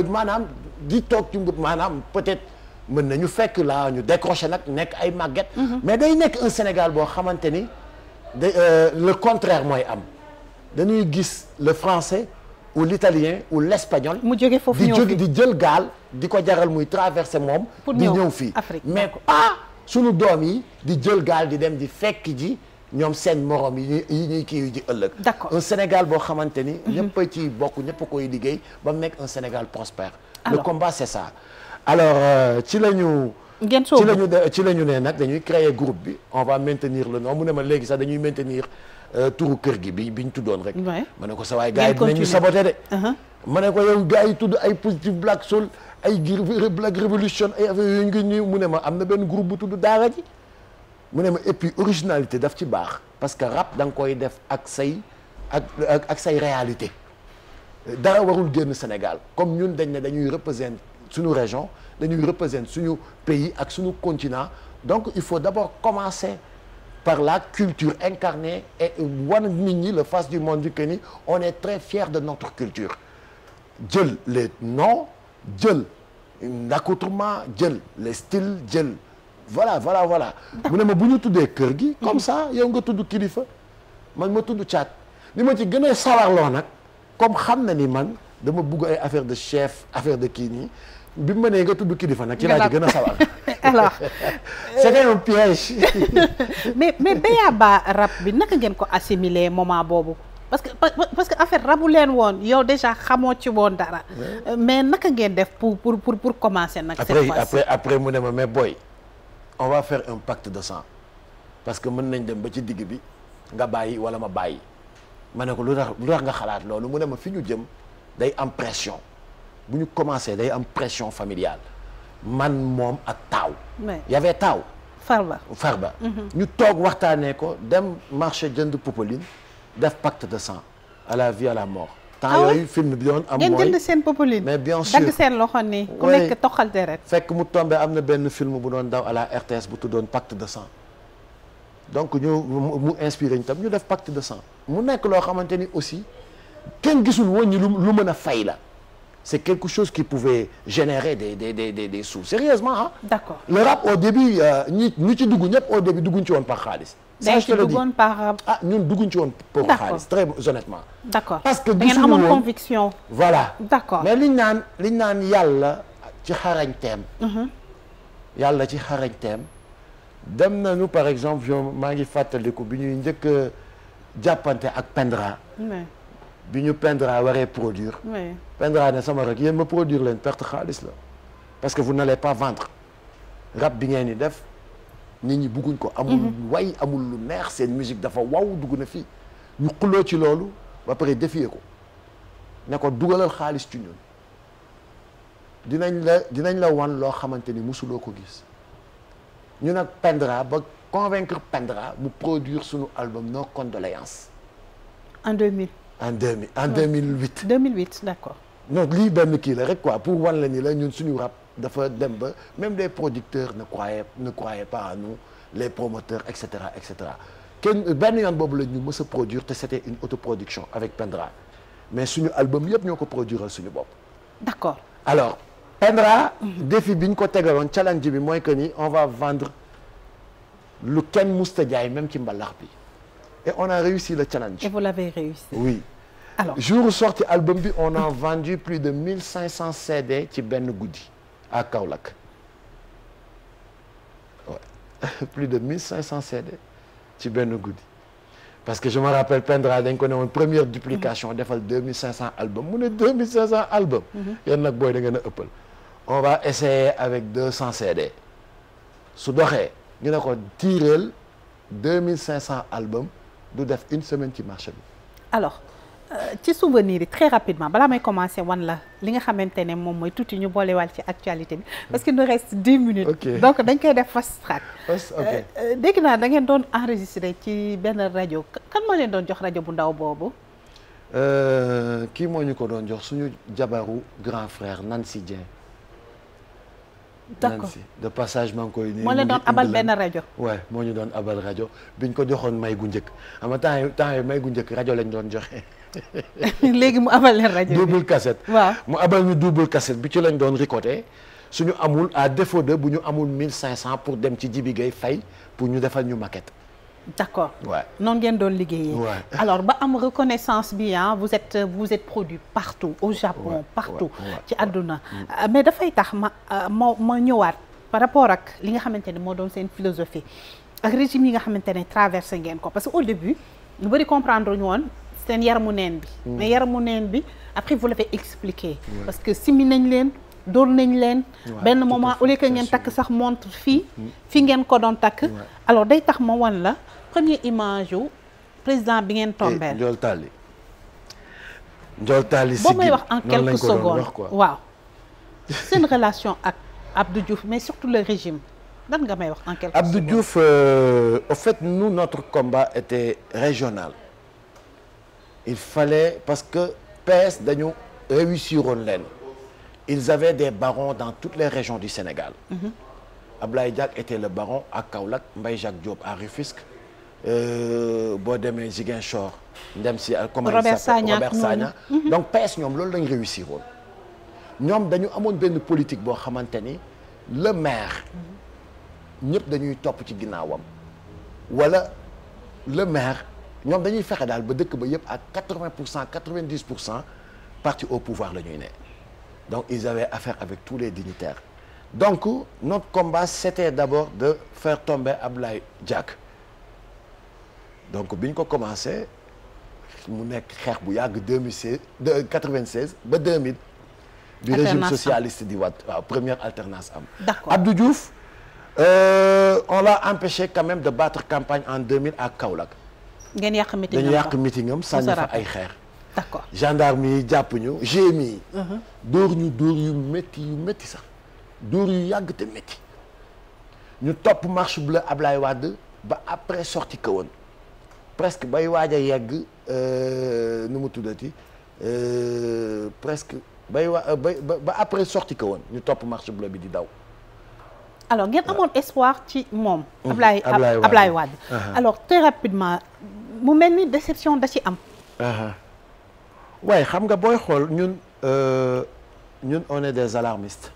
maanaam di toog ci maanaam peut-être mën nañu fekk laa ñu décroché nag nekk ay màgget. Mhm. mais day nekk un Sénégal boo xamante ni de euh, le contraire mooy am dañuy gis le français. ou l'italien ou l'espagnol mu jóge foofu ñëw di jël gaal di ko jaral muy traverser moom. di ñëw fii mais pas sunu doom yi di jël gaal di dem di fekk ji. ñoom seen morom yi ñuy yi ñuy kii ji ëllëg. d'accord un Sénégal boo xamante ni. ñëpp a bokk ñëpp a koy liggéey ba mu nekk un Sénégal prospère. le combat c'est ça. alors euh, ci la ñu. ngeen soobu ci la ci la ñu ne nag dañuy créer groupe bi on va maintenir le nom mu ne ma léegi sax dañuy maintenir euh, turu kër gi bi bi ñu tuddoon rek. ma ne ko sa waay gars yi dinañu saboté de. Uh-huh. ma ne ko yow gars yi tudd ay Positive Black Soul ay Black Revolution ay affaire yooyu ñuy mu ne ma am na benn group bu tudd Daara mu ne ma et puis originalité def ci baax parce que rap da nga koy def ak say ak ak say réalité dara warul génn Sénégal comme ñun dañ ne dañuy représenter suñu régions dañuy représenter suñu pays ak suñu continent donc il faut d'abord commencer par la culture incarnée et wan nit ñi le face du monde que ni on est très fier de notre culture jël les noms jël l'accoutrement jël les styles jël voilà voilà voilà mu ne ma bu ñu tuddee kër gi comme ça yow nga tudd kilifa man ma tudd caat li ma ci gën a sawarloo nag comme xam na ni man dama bugg ay affaire de chef affaire de kii nii bi mu ma nee nga tudd kilifa nag ci laa ci gën a sawar [LAUGHS] alors [LAUGHS] c'est un piège [LAUGHS] mais mais béyaaba rab bi naka ngeen ko assimiler moment boobu parce que parce que en fait rabu leen woon yow déjà xamoo ci woon dara euh, mais naka ngeen def pour pour pour pour commencer nag cette fois après après mu ne ma on va faire un pacte de sang parce que mën nañ dem ba ci digg bi nga bàyyi wala ma bàyyi ma ne ko lu tax nga xalaat loolu mu ne ma fi ñu jëm day am pression bu ñu commencé day am pression familiale man moom ak taaw. y avait taaw. Farba Farba. Mhm. ñu toog waxtaanee ko dem marché jënd popeline def pacte de sang à la vie à la mort. temps ah yooyu film bi doon am seen popeline mais bien sûr dagg seen loxo nii ku nekk toxal deret fekk mu tombé am na benn film bu doon daw à la RTS bu tuddoon pacte de sang donc ñu mu inspiré ñu tam ñu def pacte de sang mu nekk loo xamante ni aussi kenn gisul woon ñi lu mën a fay la c'est quelque chose qui pouvait générer des des des des, des sous sérieusement ah d'accord le rap au début euh, ñi ñu ci dugg ñëpp au début dugguñ ci woon par xaalis ça je te le dis par... ah ñun dugguñ ci woon pour xaalis très honnêtement d'accord parce voilà d'accord mais liñ naan liñ naan yàlla ci xarañteem mhm. yàlla ci xarañteem dem nañu par exemple yow maa ngi fàttaliku bi ñuy njëkk a jàppante ak Pendra bi ñu Pendra waree produire Pendra ne sama rek yéen ma produire leen perte xaalis la parce que vous n'allez pas vendre rab bi ngeen di def nit ñi bugguñ ko amul mhm. way amul lu meex seen musique dafa waw dugg na fii ñu xuloo ci loolu ba pare defiyee ko ne ko dugalal xaalis ci ñun dinañ la dinañ la wan loo xamante ni musuloo ko gis ñu nag Pendra ba convaincre Pendra mu produire suñu album nos condoléances en 2000 en 2000 en 2008 2008 d'accord non lii benn kii la rek ko pour wan la ni la ñun suñu rap dafa dem ba même les producteurs ne croyaient ne croyaient pas à nous les promoteurs et cetera et cetera kenn benn yoon boobu la ñu mës a produire te c'était une autoproduction avec Pendra mais suñu album yëpp ñoo ko produire suñu bopp. d'accord alors. Pendra mhm. défi bi ñu ko tegaloon challenge bi mooy que ni on va vendre lu kenn musta jaay même ci mbalax bi et on a réussi le challenge. et vous l'avez réussi. oui alors jour sorti album bi on a vendu plus de 1500 CD ci benn guddi. à Kaolack ouais. [LAUGHS] plus de 1500 CD ci benn guddi parce que je me rappelle Pendra dañ ko ne woon première duplication defal 2500 albums mu ne 2500 albums. Mm-hmm. yéen nag booy da ngeen a ëppal. on va essayer avec 200 CD su doxee ñu ne ko tiireel 2500 albums du def une semaine ci marché bi. Euh, ci souvenir yi très rapidement balaa may commencer wan la li nga xamante ne moom mooy tuuti ñu boolewaal ci actualité bi parce que nous reste dix minutes okay. donc dañ koy def fast track euh, euh, dégg naa da ngeen doon enregistré ci benn rajo kan moo leen doon jox rajo bu ndaw boobu kii moo ñu ko doon jox suñu jabaru grand frère Nancy Dieng d'accord Nancy de passage maa koy nii moo leen doon abal benn rajo waaw moo ñu doon abal rajo biñ ko joxoon may gu njëkk xam nga temps yi temps njëkk rajo lañ doon joxe [LAUGHS] [LAUGHS] léegi mu abal leen rajo double cassette waaw mu abal ñu double cassette bi ci lañ doon su ñu amul à défaut de bu ñu amul 1500 pour dem ci Jibi Gueye fay pour ñu defal ñu maquette d'accord waaw noonu ngeen doon liggéeyee [LAUGHS] alors ba am reconnaissance bi ah vous êtes vous êtes produit partout au Japon partout ci àdduna mm. euh, mais dafay tax ma euh, ma ma ñëwaat par rapport ak li nga xamante ne moo doon seen philosophie ak régime yi nga xamante ne traverse ngeen ko parce que au début lu bari comprendre ñu woon seen yaramu neen bi mm. mais yaramu neen bi après vous l'avez expliqué parce que simi nañ leen dóor nañ leen benn moment au lieu que ngeen takk sax montre fii mm. fii ngeen ko doon takk alors day tax ma wan la première image wu président bi ngeen eh, tombeel njool taali njool taali boo may wax en quelques secondes waaw seen relation ak Abdou Diouf mais surtout le régime dan nga may wax en quelques secondes Abdou Diouf euh, au fait nous notre combat était régional il fallait parce que PS dañu réussiroon leen ils avaient des barons dans toutes les régions du Sénégal mm-hmm. Ablaye Diack était le baron à Kaolack Mbaye Jacques Diop à Rufisque euh, boo demee Ziguinchor ndem si euh, comment Robert Sagna mm-hmm. donc PS ñoom loolu lañ réussiroon ñoom dañu amoon benn politique boo xamante ni le maire mm-hmm. ñëpp dañuy topp ci ginnaawam wala le maire ñoom dañuy fexe daal ba dëkk ba yëpp ak quatre-vingt pour cent quatre-vingt-dix pour cent au pouvoir la ñuy ne donc ils avaient affaire avec tous les dignitaires donc notre combat c'était d'abord de faire tomber Ablaye donc bi ko commencé mu nekk xeex bu yàgg 2016 96 ba 2000 du régime socialiste di Wade waaw première alternance am Abdou Diouf euh, on l'a empêché quand même de battre campagne en 2000 à Kaolack ngeen yàq meeting am dañu yàq meeting sànni fa ay xeer. d'accord gendarme yi jàpp ñu GMI yi. Uh-huh. dóor ñu dóor yu métti yu métti sax dóor yu yàgg te métti ñu topp marche bleue Ablaye Wade ba après sorti kawoon presque bay waaj a yegg euh, nu mu tuddati euh, presque bay waa euh, bay ba après ñu topp marche bleue bi di daw. alors ngeen amoon espoir ci moom. Mhm. Ablaye Ablaye Wade uh-huh. alors très rapidement. mu mel ni déception da ci am. waaye xam nga booy xool ñun euh, ñun on des alarmistes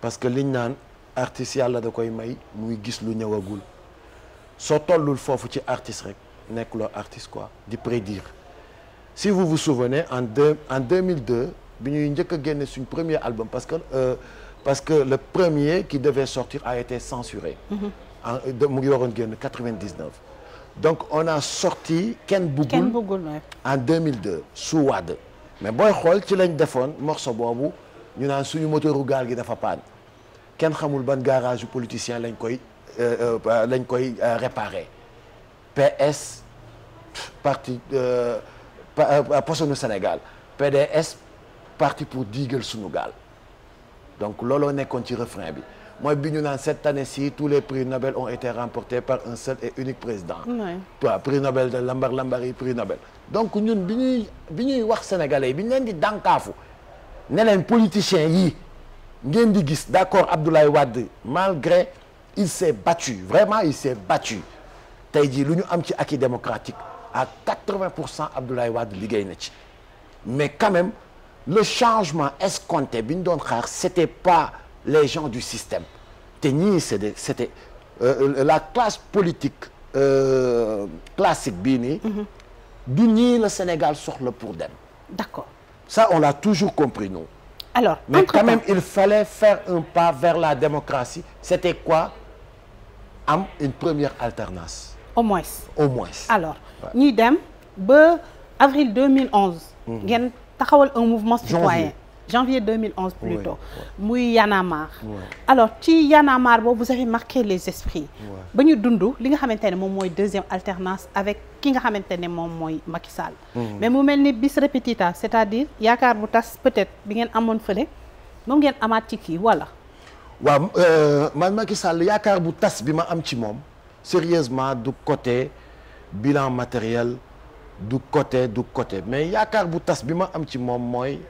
parce que liñ naan artiste yàlla da koy may muy gis lu ñëwagul soo tollul foofu ci artiste rek nekk loo artiste quoi di prédire si vous vous souvenez en deux en 2002 bi ñuy njëkk a génne suñ premier album parce que euh, que le premier qui devait sortir a été censuré. Mm-hmm. mu ngi waroon génn 99. donc on a sorti Kenn Bugul en 2002 sous Wade mais booy xool ci lañ defoon morso boobu ñu naan suñu moteuru gaal gi dafa paan kenn xamul ban garage yu politicien lañ koy euh, euh, lañ koy euh, réparer PS parti posonu Sénégal PDS parti pour diigal suñu gaal donc looloo nekkoon ci refrain bi mooy bi ñu naan cette année-ci les prix Nobel ont été remportés par un seul et président. waaw prix Nobel de lambar lambar yi prix Nobel. donc ñun bi ñuy bi ñuy wax sénégalais bi ñu leen di dànkaafu ne leen politiciens yi ngeen di gis d'accord Abdoulaye Wade malgré il s'est battu vraiment il s'est battu tey jii lu ñu am ci acquis démocratique à 80 pour cent Abdoulaye Wade liggéey na ci mais quand le changement escompté bi ñu doon xaar c'était pas. les gens du système te ñii c'était c'était euh, la classe politique euh, classique bii nii mhm. du ñii la Sénégal soxla pour dem d'accord ça on l'a toujours compris nous alors mais quand même il fallait faire un pas vers la démocratie c'était quoi am une première alternance au moins au moins alors ñuy dem ba avril 2011 mhm. ngeen taxawal un mouvement citoyen janvier 2011 plutôt muy Y'en a marre alors ci Y'en a boobu vous avez marqué les esprits ba ñu dund li nga xamante ne moom mooy deuxième alternance avec ki nga xamante ne moom mooy Macky mm. mais mu mel ni bis repetita c'est-à-dire yaakaar bu tas peut-être bi ngeen amoon fële moom ngeen amaat ci kii voilà waaw euh, man Macky Sall yaakaar bu tas bi ma am ci moom sérieusement du côté bilan matériel du côté du côté mais yaakaar bu tas bi ma am ci moom mooy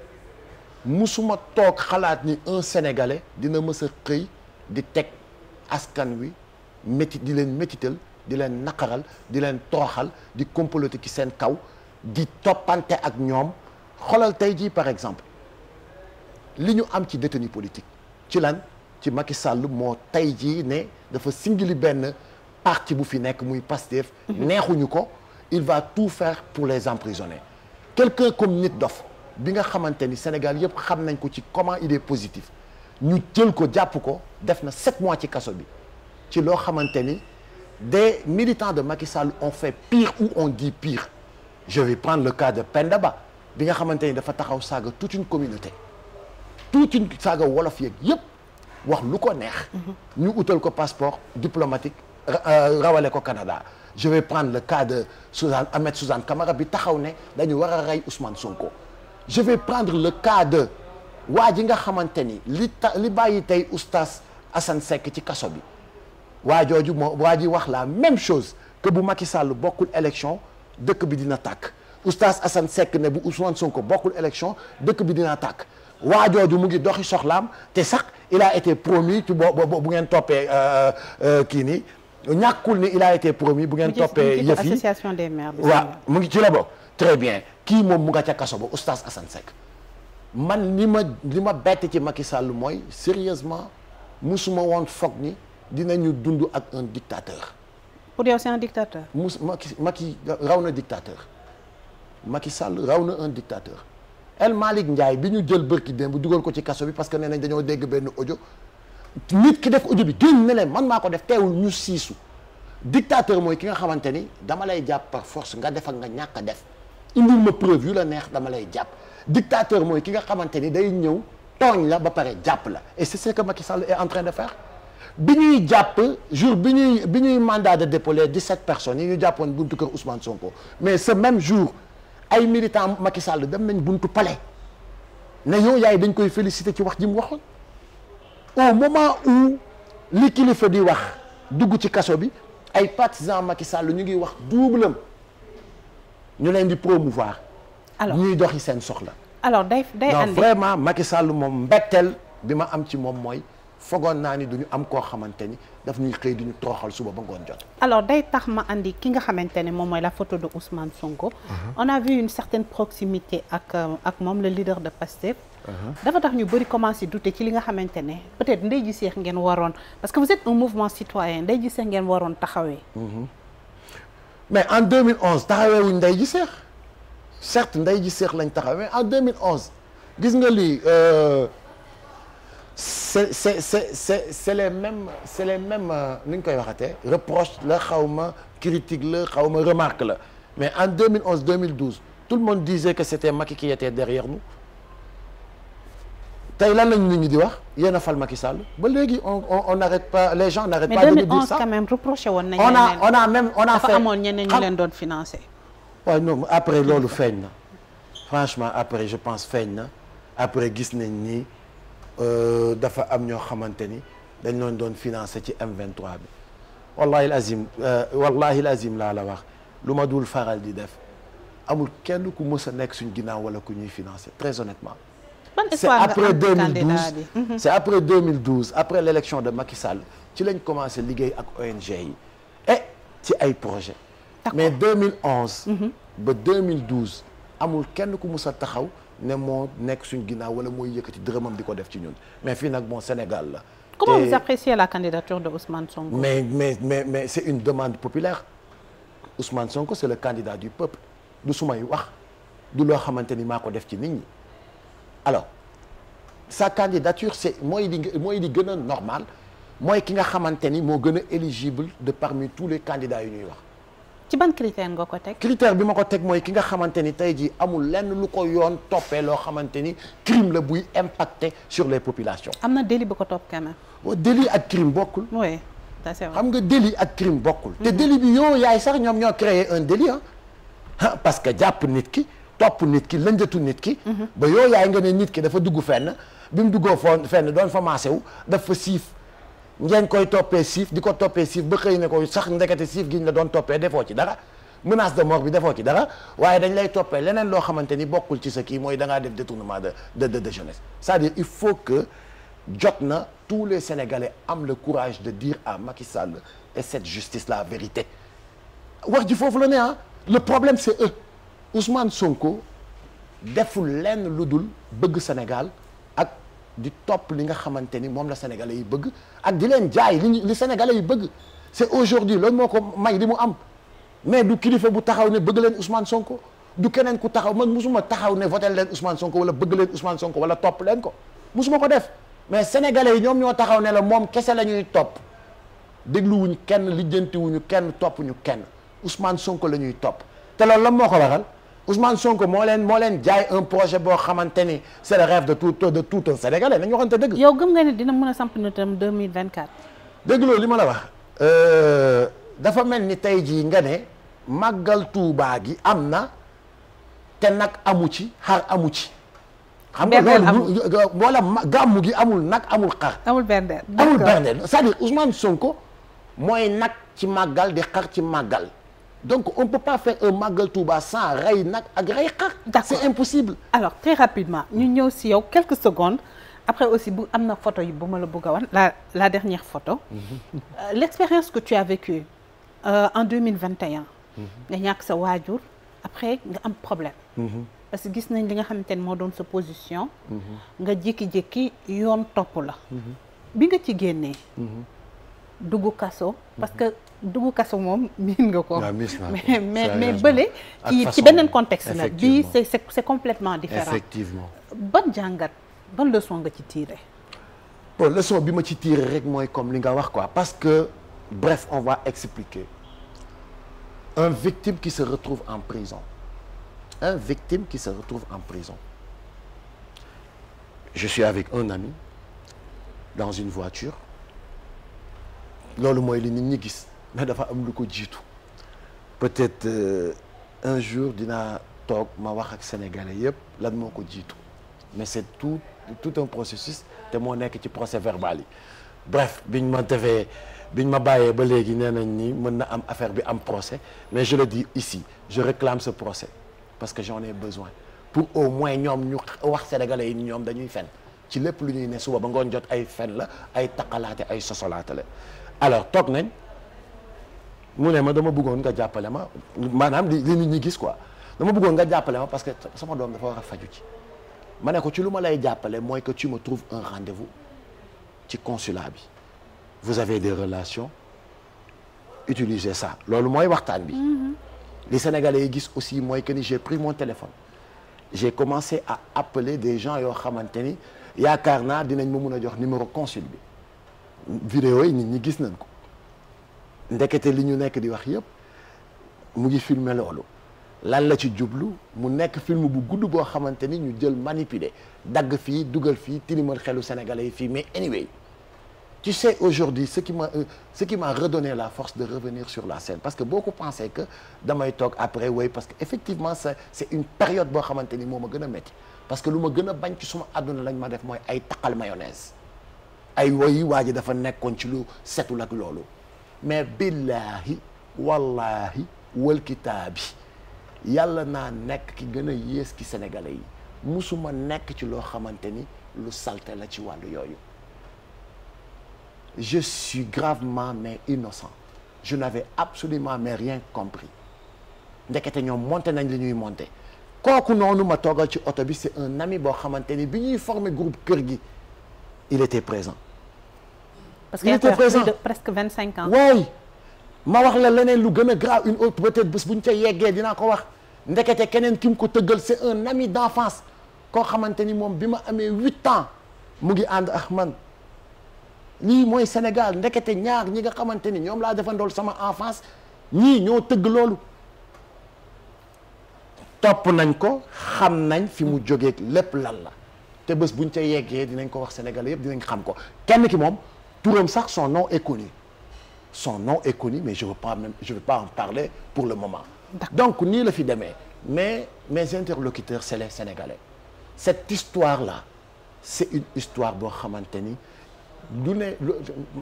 musuma toog xalaat ni un sénégalais dina mës a xëy di teg askan wi métti di leen métital di leen naqaral di leen tooxal di comploter ci seen kaw di toppante ak ñoom xoolal tey jii par exemple li ñu am ci détenu politique ci lan ci makki Sall moo tey jii ne dafa singili benn parti bu fi nekk muy Pastef mhm. neexuñu ko il va tout faire pour les emprisonner quelque comme nit dof bi nga xamante ni Sénégal yëpp xam nañ ko ci comment il est ñu jël ko jàpp ko def na sept mois ci kaso bi ci loo xamante ni des militants de Macky Sall ont fait pire ou ont dit pire je le cas de Ba bi nga xamante ni dafa taxaw saaga toute une communauté toute une saaga yeeg yëpp wax lu ko neex ñu utal ko passeport diplomatique euh, rawale ko Canada je vais prendre le cas de Suzanne Ahmed Suzanne Camara bi taxaw ne dañu war a rey Ousmane ko je vais prendre le cas waa ji nga xamante ni li ta li bàyyi tey oustaz Assane sekk ci kaso bi waa jooju moo waa ji wax la même chose que bu Macky Sall bokkul élection dëkk bi dina tàkk oustaz Assane sekk ne bu Ousmane Sonko bokkul élection dëkk bi dina tàkk waa jooju mu ngi doxi soxlaam te sax il a été promis ci bu ngeen toppee euh, euh, kii nii ñàkkul ni il a été promis bu ngeen toppee yëf yi des maires waaw mu ngi ci la très bien kii moom mu nga ca kaso ba oustaz Assane Seck man li ma li ma bett ci Macky Sall mooy sérieusement musuma woon foog ni ñu dund ak un dictateur. pour yow c'est un dictateur. mus Macky Macky raw na dictateur Macky Sall raw na un dictateur El Malick Ndiaye bi ñu jël bërki bu dugal ko ci kaso bi parce que nee nañ dañoo dégg benn ojo nit ki def ojo bi génn ne leen man maa ko def teewul ñu siisu dictateur mooy ki nga xamante ni dama lay jàpp par force nga def ak nga ñàkk a def. indil ma preuve yu la neex dama lay jàpp dictateur mooy ki nga xamante ni day ñëw tooñ la ba pare jàpp la et c'est ce que Macky Sall est en train de faire bi ñuy jàpp jour bi ñuy bi ñuy mandat de dépôt les 17 personnes yi ñu jàppoon buntu kër Ousmane Sonko mais ce même jour ay militants Macky Sall dem nañ buntu palais ne yow dañ koy féliciter ci wax ji mu waxoon au moment où li kilifa di wax dugg ci kaso bi ay partisans Macky Sall ñu ngiy wax doublem ñu leen di promouvoir. alors ñuy doxi seen soxla. alors day day andi non vraiment moom mbetteel bi ma am ci moom mooy fogoon naa ni du ñu am koo xamante ni daf ñuy xëy di ñu tooxal suba ba ngoon jot. alors day tax ma andi ki nga xamante ne moom mooy la photo de Ousmane Sonko. Uh-huh. on a vu une certaine proximité ak euh, ak moom le leader de Pastef. Uh-huh. dafa tax ñu bari commencé douter ci li nga xamante ne peut-être Ndeye Ji Seex ngeen waroon parce que vous êtes un mouvement citoyen Ndeye Ji ngeen waroon taxawee. Uh-huh. mais en 2011 taxawee wuñ nday ji seex certes nday ji seex lañ taxawee en 2011 gis nga lii euh, c'est c'est c'est c'est c'est les mêmes c'est les mêmes euh, nu ñu koy waxatee reproche la xaw ma critique la xaw ma remarque la mais en 2011 2012 tout le monde disait que c'était Macky qui était derrière nous tey lan lañu nit ñi di wax yéen a fal Macky Sall ba léegi on on n'arrête pas les gens n'arrêtent pas de nous dire ça mais 2011 quand même reproché woon nañu on a on a même on a fait dafa amoon ñeneen ñu leen doon financé. waaw non après loolu feeñ na franchement après je pense feeñ na après gis nañ ni euh, dafa am ñoo xamante ni dañ leen doon financé ci M23 bi wallahi azim euh, wallahi azim laa la wax lu ma dul faral di def amul kenn ku mës a nekk suñ ginnaaw wala ku ñuy financé très honnêtement. c'est après 2012 c'est mhm. après 2012 après l'élection de Macky Sall ci lañ commencé liggéey ak ONG yi et eh, ci ay projet mais 2011 mhm. ba 2012 amul kenn ku mus a taxaw ne moo nekk suñ ginnaaw wala mooy yëkkati dërëmam di ko def ci ñun mais fi nag bon Sénégal la comment la candidature de Ousmane Sonko mais mais mais mais c'est une demande populaire Ousmane Sonko c'est le candidat du peuple du sumay wax du loo xamante ni maa ko def ci nit alors sa candidature c'est mooy di mooy di gën a normal mooy ki nga xamante ni moo gën a éligible de parmi tous les candidats yu ñuy wax. ci ban critère nga ko teg. critère bi ma ko teg mooy ki nga xamante ni tey jii amul lenn lu ko yoon toppee loo xamante ni crime la buy impacter sur les populations. am na délit bu ko topp quand même. délit ak crime bokkul. oui ça c'est vrai ak crime bokkul. te mhm. délit bi yow yaay sax ñoom ñoo créer un délit ah parce que jàpp nit ki. topp nit ki lënjatu nit ki mhm. ba yoo nga ne nit ki dafa dugg fenn bi mu duggoo foon fenn doon fa maase wu dafa siif ngeen koy toppee siif di ko toppee siif ba xëy ne ko sax ndekete siif gi ñu la doon toppee defoo ci dara menace de mort bi defoo ci dara waaye dañ lay toppee leneen loo xamante ni bokkul ci sa kii mooy da ngaa def détournement de de de jeunesse c'est-à-dire il faut que jot na tous les Sénégalais am le courage de dire à sa Sall et cette justice la vérité wax ji foofu la ne ah. problème c'est Ousmane Sonko deful lenn lu dul bëgg Sénégal ak di topp li nga xamante ni moom la sénégalais yi bëgg ak di leen jaay li li sénégalais yi bëgg c'est aujourd'hui loolu moo ko may li mu am mais du kilifa bu taxaw ne bëgg leen Ousmane Sonko du keneen ku taxaw man musuma taxaw ne voté leen Ousmane Sonko wala bëgg leen Ousmane Sonko wala topp leen ko musuma ko def mais sénégalais yi ñoom ñoo taxaw ne la moom kese la ñuy topp dégluwuñ kenn lijjantiwuñu kenn toppuñu kenn Ousmane Sonko la ñuy topp te loolu moo ko waral. Ousmane Sonko moo leen moo leen jaay un projet boo xamante ni c'est le de tout tout un Sénégalais nañu waxante dëgg. yow gëm nga ni dina mën a samp na tam 2024. dégg loolu ma la wax euh, dafa mel ni tey jii nga màggal Touba gi am na te nag amu ci amu ci. xam nga loolu wala gàmmu gi amul nag amul xar. amul berndeel amul berndeel cest à Sonko mooy nag ci màggal di xar ci màggal. donc on peut pas faire un màggal Touba sans rey nag ak rey xar. c'est impossible. alors très rapidement ñu ñëw si yow quelques secondes après aussi bu am na photo yi bu ma la bëgg a wan la la dernière photo. Mhm. Euh, l'expérience que tu as vécue euh, en deux mille vingt et un. Mhm. nga ñàkk sa waajur après nga am problème. Mhm. parce que gis nañ li nga xamante ne moo doon sa position. nga jékki-jékki yoon topp la. bi nga ci génnee. duggu kaso parce que mhm. dugg kaso moom miin nga ko ah, mais mais bële ci ci beneen contexte la bii c'est c'est complètement différent effectivement ban jàngat ban leçon nga ci tirer bon leçon bi ma ci tirer rek mooy comme li nga wax quoi parce que bref on va expliquer un victime qui se retrouve en prison un victime qui se retrouve en prison je suis avec un ami dans une voiture loolu mooy li nit ñi gis mais dafa am lu ko jiitu peut-être euh, un jour dinaa toog ma wax ak sénégalais yëpp lan moo ko jiitu mais c'est tout tout un processus te moo nekk ci procès verbal yi bref ñu ma defee biñ ma bàyyee ba léegi nee nañ ni mën na am affaire bi am procès mais je le dis ici je réclame ce procès parce que j'en ai besoin pour au moins ñoom ñu wax sénégalais yi ñoom dañuy fen ci lépp lu ñuy ne suba ba ngoon jot ay fen la ay taqalaate ay sosolaate la alors toog nañ mu ne ma dama buggoon nga jàppale ma maanaam li nit ñi gis quoi dama bëggoon nga jàppale ma parce que sama doom dafa war a faju ci ma ne ko ci lu ma lay jàppale mooy que tu me trouves un rendez-vous ci consulat bi vous avez des relations sa ça loolu mooy waxtaan bi mm-hmm. li Sénégalais y gis aussi mooy que ni j'ai pris mon téléphone j'ai commencé à appeler des gens yoo xamante ni yaakaar naa dinañ ma mun a jox numéro consul bi vidéo yi nit ñi gis nañ ko ndekete li ñu nekk di wax yëpp mu ngi filmer loolu lan la ci jublu mu nekk film bu gudd boo xamante ni ñu jël manipuler dagg fii dugal fii tilimal xelu sénégalais yi fii mais anyway tu sais aujourd'hui ce qui m'a euh, redonné la force de revenir sur la scène parce que beaucoup pensaient que damay toog après way parce que effectivement c'est c'est une période boo xamante ni moo ma gën a métti parce que lu ma gën a bañ ci suma àdduna lañ ma def mooy ay ay woyi waa ji dafa nekkoon ci lu setul ak loolu mais billaahi wallaahi wal kitaabi yàlla naa nekk ki gën a yées ki sénégalais yi musuma nekk ci loo xamante ni lu salte la ci wàllu yooyu je suis gravement mais innocent je n'avais absolument mais rien compris ndekete ñoom monté nañ li ñuy monté kooku noonu ma toogal ci oto bi un ami boo xamante ni bi ñuy former groupe kër gi il était présent parce qu'il était présent presque vingt cinq ans. waay ma wax la leneen lu gën a grave une autre peut-être bés bu ñu yeggee dinaa ko wax ndekete keneen ki mu ko tëggal c'est un ami d'enfance koo xamante ni moom bi ma amee huit ans mu ngi ànd ak man lii mooy Sénégal ndekete ñaar ñi nga xamante ni ñoom laa defandool sama enfance ñii ñoo tëgg loolu. topp nañ ko xam nañ fi mu jógee lépp lan la te bés buñ ca yeggee dinañ ko wax Sénégal yëpp dinañ xam ko kenn ki moom. turam sax son nom est connu son nom est connu mais je veux pas même je veux pas en parler pour le moment donc nii la fi demee mais mes interlocuteurs c'est les Sénégalais cette histoire-là c'est une histoire boo xamante ni lu ne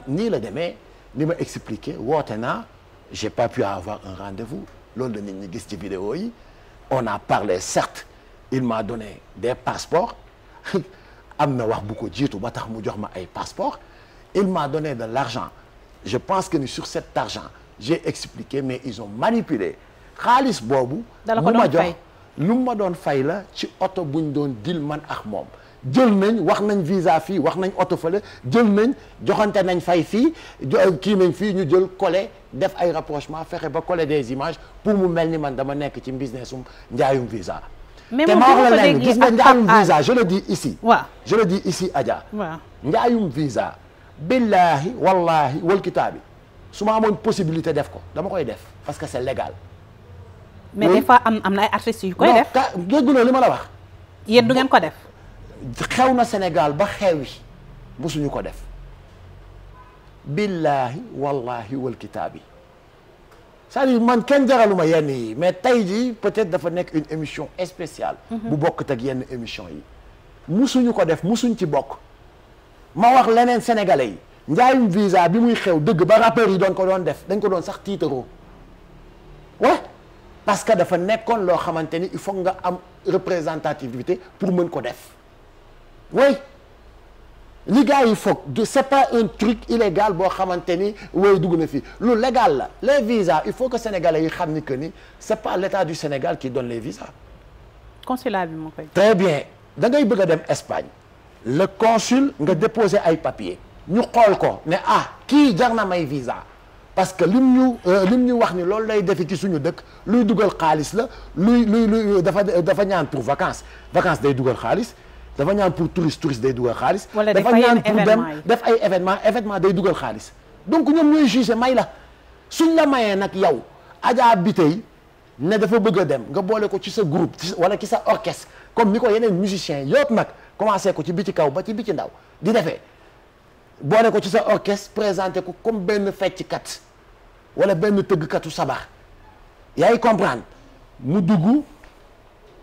nii la demee ni ma expliqué woote naa j'ai pas pu avoir un rendez-vous loolu la nit ñi gis ci vidéo yi on a parlé certes il m'a donné des passeports [LAUGHS] am na wax bu ko jiitu ba tax mu jox ma ay passeports il m'a donné de l'argent je pense que ni sur cet argent j'ai expliqué mais ils ont manipulé xaalis boobu lu ma jox lu ma doon fay la ci oto buñ doon dil man ak moom jël nañ wax nañ visa fii wax nañ oto fële jël nañ joxante nañ fay fii euh, kii nañ fii ñu jël collé def ay rapprochement fexe ba collé des images pour mu mel ni man dama nekk ci businessum njaayum visa te ma wax la lenn gis nga njaayum visa je le dis ici ouais. je le dis ici Adja ouais. njaayum visa billaahi wallaahi wal kitaabi su ma amoon possibilité def ko dama koy def parce que c'est légal. mais des am am na ay artistes yu koy def non ka li ma la wax. yéen du ngeen ko def. xew na Sénégal ba xew xewi musuñu ko def. billaahi wallaahi wal kitaabi c'est-à-dire man kenn jaraluma yenn yi mais tey ji peut-être dafa nekk une émission spéciale. Mhm. bu bokk teg yenn émission yi. musuñu ko def musuñ ci bokk. ma wax leneen sénégalais yi njaayum visa bi muy xew dëgg ba rappeurs yi doon ko doon def dañ ko doon sax tiitaroo wa parce que dafa nekkoon loo xamante ni il faut nga am représentativité pour mën ko def way li gars yi foog c'est pas un truc illégal boo xamante ni way dugg na fii lu légal la les visas il faut que sénégalais yi xam ni que ni c'est pas l'état du Sénégal qui donne les visas consulat bi moo koy. très bien da ngay bëgg a dem Espagne le consul nga déposer ay papier ñu xool ko ne ah kii jar na may visa parce que lim ñu euh, lim ñu wax ni loolu lay defe ci suñu dëkk luy dugal xaalis la luy luy luy euh, dafa dafa ñaan pour vacance vacances day dugal xaalis dafa ñaan pour touriste touriste day dugal xaalis dafa ñaan pour dem def ay événement événement day dugal xaalis donc ñoom ñooy jugé may la suñ la mayee nag yow Adja Biteye ne dafa bëgg a dem nga boole ko ci sa groupe wala ci sa orchestre comme ni ko yeneen musiciens yëpp nag commencé ko ci bi ci kaw ba ci bi ci ndaw di defee boole ko ci sa orchestre présenté ko comme benn fecckat wala benn tëggkatu sabar yaay comprendre mu dugg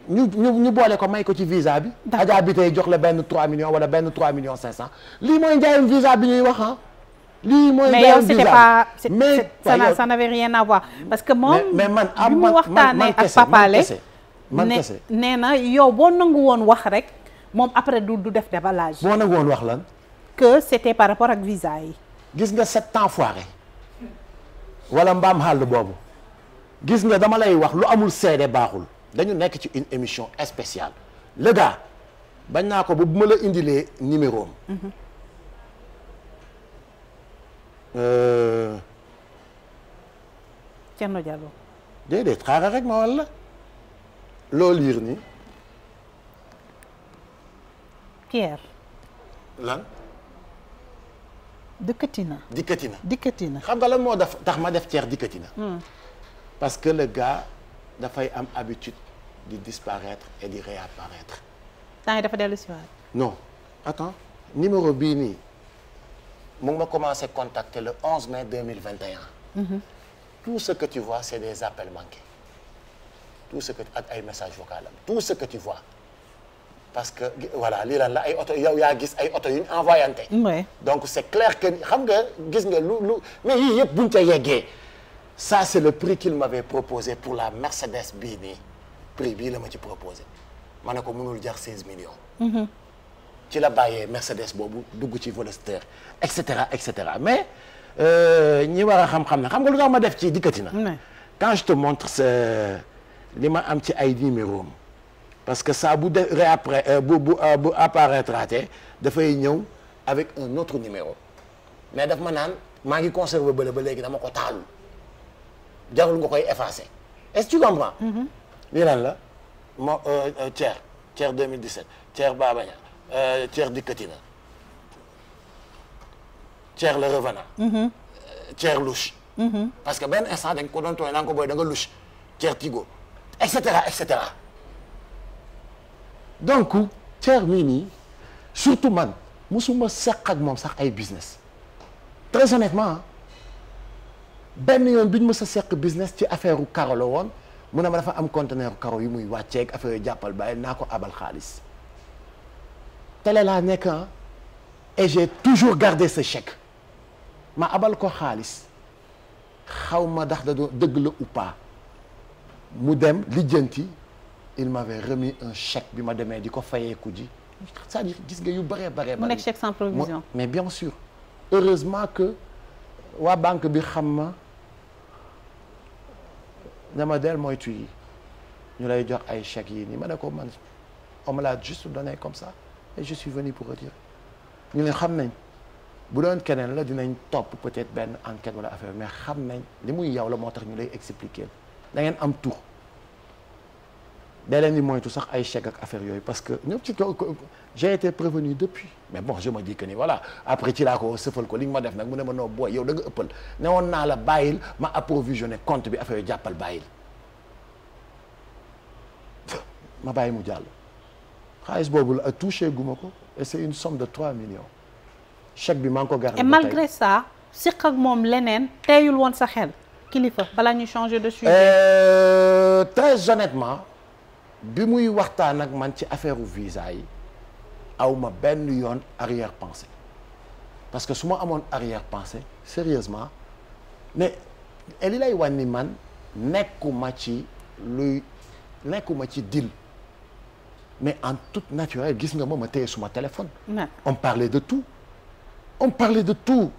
ñu ñu ñu boole ko may ko ci visa bi ajaa bi tey jox la benn 3 millions wala benn 3 millions 500 lii mooy njaayum visa bi ñuy wax ah lii mooy mais yow c'était pas mais ça ça n'avait rien à voir parce que moom mais man am mu ah, waxtaanee ak papale man kese nee na yow boo nangu woon wax rek moom après du du def déballage. boo nag woon wax lan. que c'était par rapport ak visa yi. gis nga sept ans foiré wala mbaam xàll boobu gis nga dama lay wax lu amul seede baaxul dañu nekk ci une émission espéciale le bañ naa ko ba bu ma la indilee numéro kenn mhm. euh. Thierno Diallo. déedéet xaaral rek ma walla loo liir nii. Pierre. lan. dëkkati na. nga lan moo def tax ma def Pierre dikkati na. Hmm. parce que le gars dafay am habitude di disparaître et di réapparaître. temps yi dafa dellu si non attends numéro bii nii mu ma commencé contacter le 11 mai 2021. Mmh. tout ce que tu vois c'est des appels manqués tout ce que tu vois. parce que voilà lii lan la ay oto yow yaa gis ay oto yu ñu envoyante donc c' clair que xam nga gis nga lu lu mais yii yëpp buñ ca yeggee ça c' le prix qu'il m'avait proposé pour la Mercedes bii nii prix bii la ma ci proposé ma ne ko mënul jar 16 millions mm-hmm. ci la bàyyee Mercedes boobu dugg ci Veloster et cetera et cetera mais euh, ñi war a xam ne xam nga lu tax ma def ci dikkati na quand je te montre ce li ma am ci ay numéro parce que saa bu de réapparaît euh, bu bu euh, bu apparaître raté dafay ñëw avec un autre numéro mais daf ma naan maa ngi conservé bële ba léegi dama ko taalu jarul nga koy effacé est-ce que tu comprends. Mhm. lii lan la mo euh, Thier Thier 2017 Thier Babaña revenant. Mhm. Thier louche. Mhm. parce que benn instant dañ ko doon tooy naan ko booy da nga Tigo et donc Thier mii nii surtout man musuma seq ak moom sax ay business très honnêtement benn yoon bi ñu mës a seq business ci affaire u karo woon mu ne ma dafa am conteneur karo yi muy wàcceeg affaire yu jàppal bàyyi naa ko abal xaalis tele laa nekk ah toujours gardé ce chèque ma abal ko xaalis xaw ma ndax da doon dëgg la ou mu dem lijjanti il m'avait remis un chèque bi ma demee di ko fayeeku ji c'est-à-dire gis nga yu bëree bëree ma nekk chèque sans provision mais bien sûr heureusement que waa banque bi xam ma dama del moytu yi ñu lay jox ay chèques yi nii ma ne ko man on me l'a juste donné comme ça et je suis venu pour retirer ñu ne xam nañ bu doon keneen la dinañ topp peut-être benn enquête wala affaire mais xam nañ li muy yow la moo tax ñu lay expliquer da ngeen am tour day leen di moytu sax ay chèque ak affaire yooyu parce que ñëpp ci j'ai été prévenu depuis mais bon je me dis que ni voilà après ci laa ko sëfal ko li nga ma def nag ne ma noo booy yow da nga ëppal ne woon naa la bàyyil ma approvisionné compte bi affaire yu jàppal bàyyil [LAUGHS] ma bàyyi mu jàll xaalis boobu la touché guma ko et c'est une somme de 3 millions chèque bi maa ngi ko gardé et malgré ça siq ak moom leneen teeyul woon sa xel kilifa balaa ñu de sujet euh, très honnêtement bi muy waxtaan ak man ci affaire visa yi aw ma benn yoon arrière pensée parce que su ma amoon arrière pensée sérieusement mais li lay wàññi man ma ci luy ma ci deal mais en toute naturelle gis nga ma ma téye suma téléphone. on parlait de tout. on parlait de tout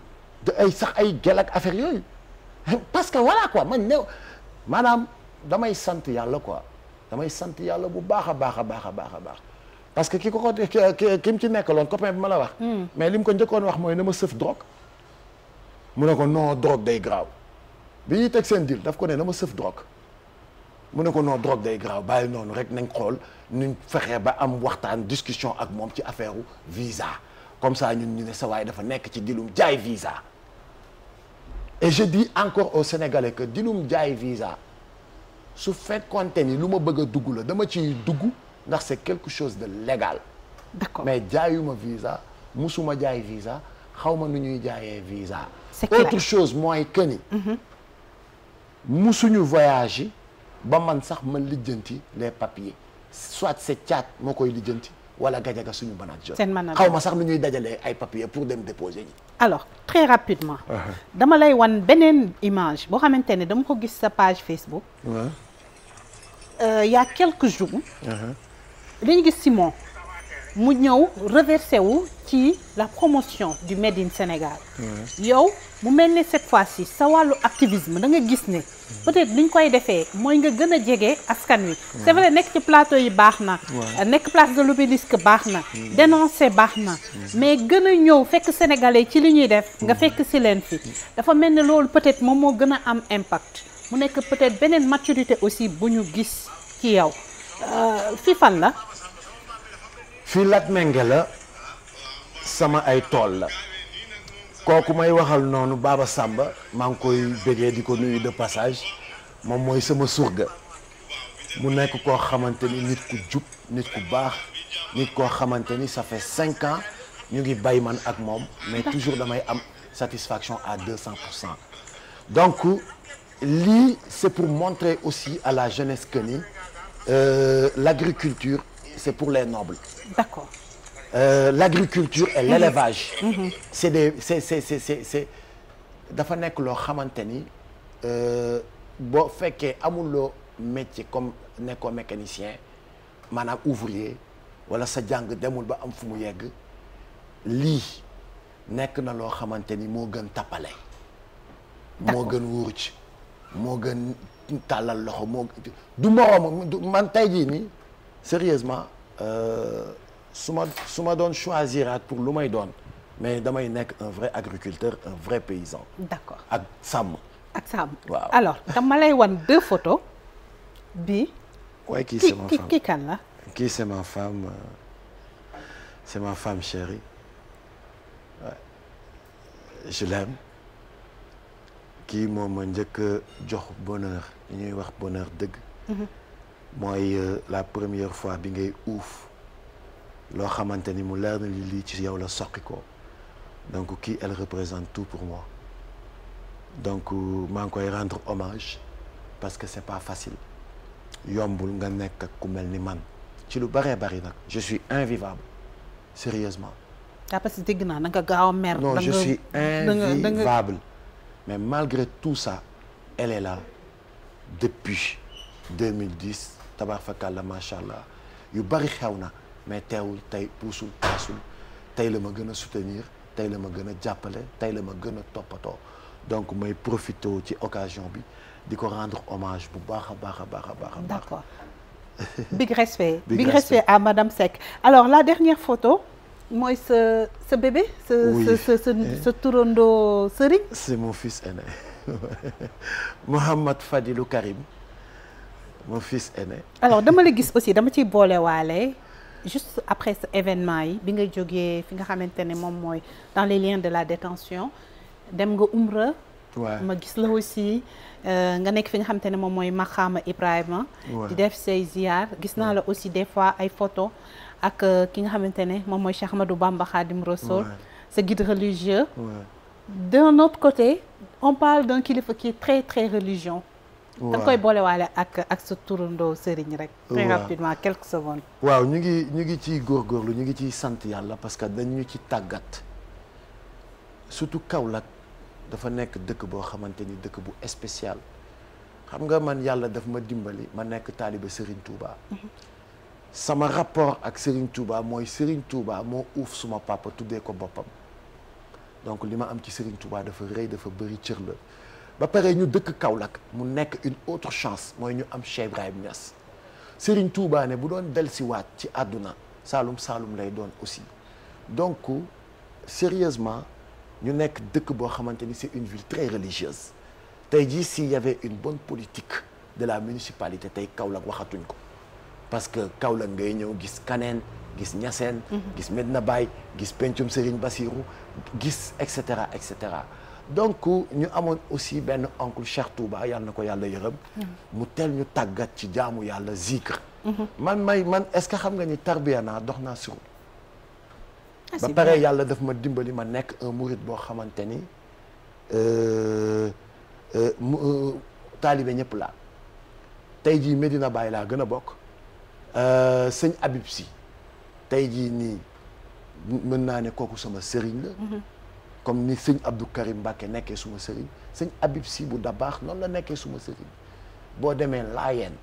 de ay sax ay gel ak affaire yooyu parce que voilà quoi man néew maanaam damay sant yàlla quoi. damay sant yàlla bu baax a baax a baax a baax a baax parce que ki ko ko ki mu ci nekkaloon copain bi ma la wax. Hmm. mais li mu ko njëkkoon wax mooy na ma sëf drogue. mu ne ko non drogue day graaw bi ñuy teg seen deal daf ko ne na ma sëf mu ne ko non drogue day graaw bàyyi noonu rek nañ xool nuñ fexee ba am waxtaan discussion ak moom ci affaire visa comme ça ñun ñu ne sa waaye dafa nekk ci dilum jaay visa. et je dis encore au Sénégalais que dilum jaay visa. su fekkoonte ni lu ma bëgg a dugg la dama ciy dugg ndax c'est quelque chose de légal. d'accord mais jaayuma visa musuma jaay visa xawma nu ñuy jaayee visa. c'est autre chose mooy que ni. Mhm. musuñu voyage ba man sax ma lijjanti les papiers soit c'est Tchad moo koy lijjanti. wala Gadiaga suñu manager seen manager xaw ma sax mi ñuy dajalee ay papiers pour dem déposer ji alors très rapidement uh-huh. dama lay wan beneen image boo xamante ne dama ko gis sa page Facebook euh, il y a quelques jours uh-huh. dañu gis Simon mu ñëw reversé wu ci la promotion du Made Sénégal. yow mu mel ne cette fois-ci sa wàllu activisme da nga gis ne. Mm. peut-être li ñu koy defee mooy nga gën a jege askan wi. c'est vrai nekk ci plateau yi baax na. nekk place de l'obélisque baax na. Mm. dénoncer baax na. Mm. mais gën a ñëw fekk sénégalais ci li ñuy def. nga fekk si leen fi. dafa mel ne loolu peut-être moom moo gën a am impact. mu nekk peut-être beneen maturité aussi bu ñu gis ci yow. Euh, fi la. fii Latmingué la sama ay tool la kooku may waxal noonu Baba Samba maa ngi koy bégee di ko nuyu de passage moom mooy sama surga mu nekk koo xamante ni nit ku jub nit ku baax nit koo xamante ni sa fait cinq ans ñu ngi bay man ak moom mais toujours damay am satisfaction à deux cent cent donc lii c'est pour montrer aussi à la jeunesse que ni euh, l'agriculture c'est pour les nobles. D'accord. Euh, l'agriculture et mhm. l'élevage. Mmh. c'est des c'est c'est c'est dafa nekk loo xamante ni euh, boo fekkee amuloo métier comme nekkoo mécanicien maanaam ouvrier wala sa jàng demul ba am fu mu yegg lii nekk na loo xamante ni moo gën tappale moo gën wuruj moo gën tàllal loxo moo du moroom man tey sérieusement euh, su ma su ma doon choisiraat pour lu may doon mais damay nekk un vrai agriculteur un vrai paysan. d'accord ak sàmm. ak sàmm alors dama wan deux photos bi. waaye kii c'est ma kii kan la. kii c'est ma femme euh, c'est je l'aime kii moom ma njëkk jox bonheur li ñuy wax bonheur dëgg. Mhm. mooy euh, la première fois bi ngay uuf loo xamante ni mu leer na li lii ci yow la soqi ko donc kii elle représente tout pour moi donc euh, maa ngi koy rendre hommage parce que c'est pas facile yombul nga nekk ak ku mel ni man ci lu bëree bari nag je suis invivable sérieusement ah parce que dégg naa da nga gaaw a mer. non je suis invivable mais malgré tout ça elle est là depuis 2010 tabax fakàlla macha allah yu bari xew na mais teewul tey puusul taasul tey la ma gën a soutenir tey la ma gën a jàppale tey la ma gën a toppatoo donc may profité ci occasion bi di ko rendre hommage bu baax a baax a baax a baax. d'accord [LAUGHS] big respect. big respect à madame Seck alors la dernière photo. mooy sa sa bébé. sa sa sa sa turandoo mon fils aîné [LAUGHS] Mouhamad Fadilou Karim. mon fils aîné. dama la gis aussi dama ciy waale juste après ce événement yi bi nga jógee fi nga xamante ne moom mooy dans les liens de la détention dem nga umra. ma gis la aussi euh, nga nekk fi nga xamante ne moom mooy Makhama Ibrahima. di gis naa la aussi des fois ay photo ak euh, ki nga xamante ne moom mooy Cheikh Ahmadou Bamba Khadim Rassoul. sa guide religieux. d'un autre côté on parle d'un kilifa ki est très très religieux. da nga koy boolewaale ak ak sa turandoo Serigne rek. très rapidement quelques secondes. waaw ñu ngi ñu ngi ciy góorlu ñu ngi ciy sant yàlla parce que dañ ci tàggat surtout Kaolack dafa nekk dëkk boo xamante ni dëkk bu spécial xam nga man yàlla daf ma dimbali ma nekk taalibe sëriñ Touba. Mhm. sama rapport ak sëriñ Touba mooy Serigne Touba moo uuf suma papa tuddee ko boppam donc li ma am ci Serigne Touba dafa rëy dafa bëri cër la. ba pare ñu dëkk Kaolack mu nekk une autre chance mooy ñu am Cheikh Ibrahim Niass Serigne Touba ne bu doon siwaat ci àdduna Saalum Saalum lay doon aussi donc sérieusement ñu nekk dëkk boo xamante ni c'est une ville très religieuse tey jii si y une bonne politique de la municipalité tey Kaolack waxatuñ ko parce que Kaolack ngay ñëw gis Kaneen gis Niassène mhm. gis Medina Baye gis Pencum Serigne Bassirou gis et cetera et cetera donc ñu amoon aussi benn oncle Cheikh Touba yàlla na ko yàlla yërëm. mu teel ñu tàggat ci jaamu yàlla zikr. man may man est-ce que xam nga ni tarbiya naa dox naa sur. Ah, ba pare yàlla daf ma dimbali ma nekk un murid boo xamante ni euh, euh, mu euh, taalibe ñëpp laa tey jii Medina Baye laa gën a bokk sëñ Habib Sy tey jii nii mën naa ne kooku sama sëriñ la. Mhm. comme ni sëñ Abdou Karim Mbacke nekkee suma sëriñ sëñ Habib Sy bu da baax noonu la nekkee suma sëriñ boo demee Laayeen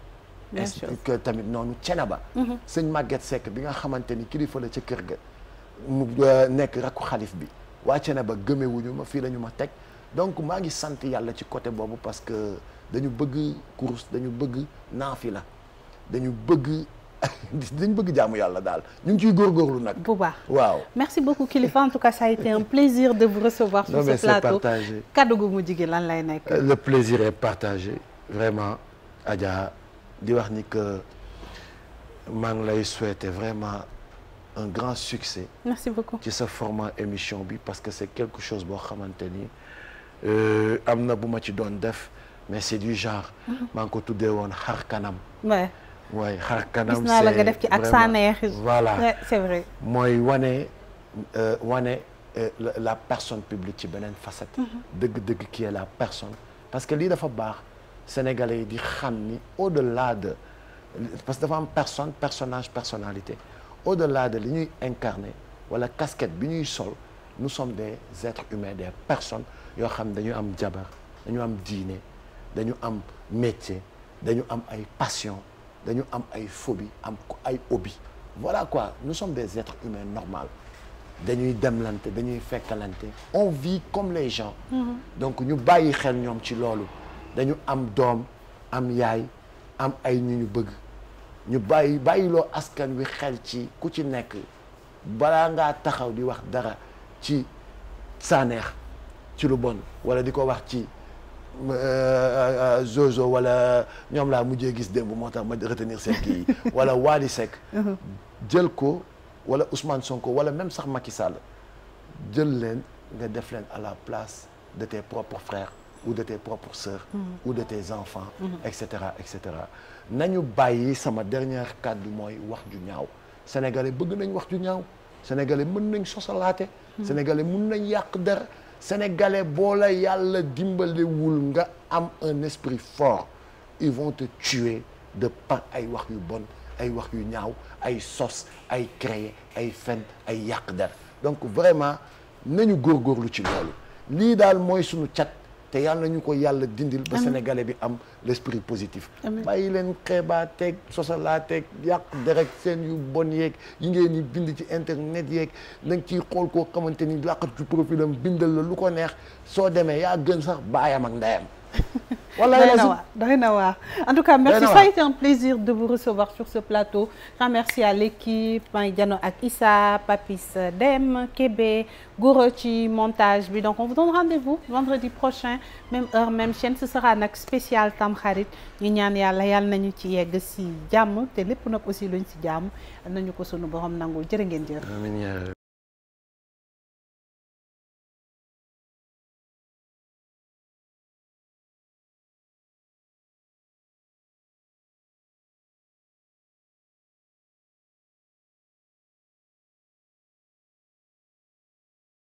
que tamit noonu Cenaba mhm. sëñ màgget Seck bi nga xamante ni kilifa la ca kër ga mu euh, nekk rakku xalif bi waa ba gëmewuñu ma fii lañu ñu ma teg donc maa ngi sant yàlla ci côté boobu parce que dañu bëgg course dañu bëgg naafila dañu bëgg [LAUGHS] dañ bëgg jaamu yàlla daal ñu ngi ciy góorgóorlu nag. bu baax waaw. merci beaucoup Kilifeu en tout cas ça un plaisir de vous recevoir. sur non, ce plateau kaddu gu mujj gi lan lay nekk. le plaisir est partagé vraiment Adja di wax ni que maa ngi lay souhaiter vraiment un grand succès. merci beaucoup ci sa format émission bi parce que c'est quelque chose boo xamante ni euh, am na bu ma ci doon def mais c'est du genre. Mm-hmm. maa ngi ko tuddee woon xar kanam. waaye xar kanam gis naa la nga def ci ak sa neex voilà c'est vrai mooy wane euh, wane euh, la personne publique ci beneen facette mhm. dëgg-dëgg qui est la personne parce que lii dafa baax sénégalais yi di xam ni au-delà de parce que dafa am personne personnage personnalité au-delà de li ñuy incarner wala casquette bi ñuy sol nous sommes des êtres humains des personnes yoo xam dañu am jabar dañu am diine dañu am métier dañu am ay passion dañu am ay phobie am ay hobby voilà quoi nous sommes des êtres humains normaux dañuy demlante dañuy fekkalante on comme les gens mm-hmm. donc ñu bàyyi xel ñoom ci loolu dañu am doom am yaay am ay ñu ñu bëgg ñu bàyyi bàyyi loo askan wi xel ci ku ci nekk balaa ngaa taxaw di wax dara ci sànneex ci lu bon wala di ko wax ci Jojo euh, euh, euh, wala ñoom laa mujjee gis démb moo tax ma retenir seen kii [LAUGHS] wala Wally Seck uh-huh. jël ko wala Ousmane Sonko wala même sax Macky Sall jël leen nga def leen à la place de tes propres frères ou de tes propres sœurs uh-huh. ou de tes enfants uh-huh. et cetera et cetera nañu bàyyi sama dernière kàddu mooy wax ju ñaaw sénégalais bëgg nañ wax ju ñaaw sénégalais mën nañ sosalaate sénégalais mën nañ yàq dara sénégalais boo la yàlla wul nga am un esprit fort ils vont te de par ay wax yu bon ay wax yu ñaaw ay sos ay créer ay fen ay yàq donc vraiment nañu góorgóorlu ci loolu lii daal mooy suñu cat te yàlla ñu ko yàlla dindil ba sénégalais bi am l'esprit positif bàyyi leen xeebaa teeg sosalaa teeg yàq derek seen yu bon yeeg yi ngeen di bind ci internet yeeg nang ciy xool koo xamante ni làqat ci profilam bindal la lu ko neex soo demee yaa gën sax baayam ak ndeyam [LAUGHS] walaay la doy na waar en tout cas merci ça a été un plaisir de vous recevoir sur ce plateau merci à l'équipe may jano ak Issa Papis Dem Kébé Goro ci montage bi donc on vous donne rendez-vous vendredi prochain même heure même chaîne ce sera nag spécial Tamxarit ñu ñaan yàlla yàlla nañu ci yegg si jàmm te lépp nag aussi luñ ci jàmm na nañu ko sunu borom nangu jërë ngeen jër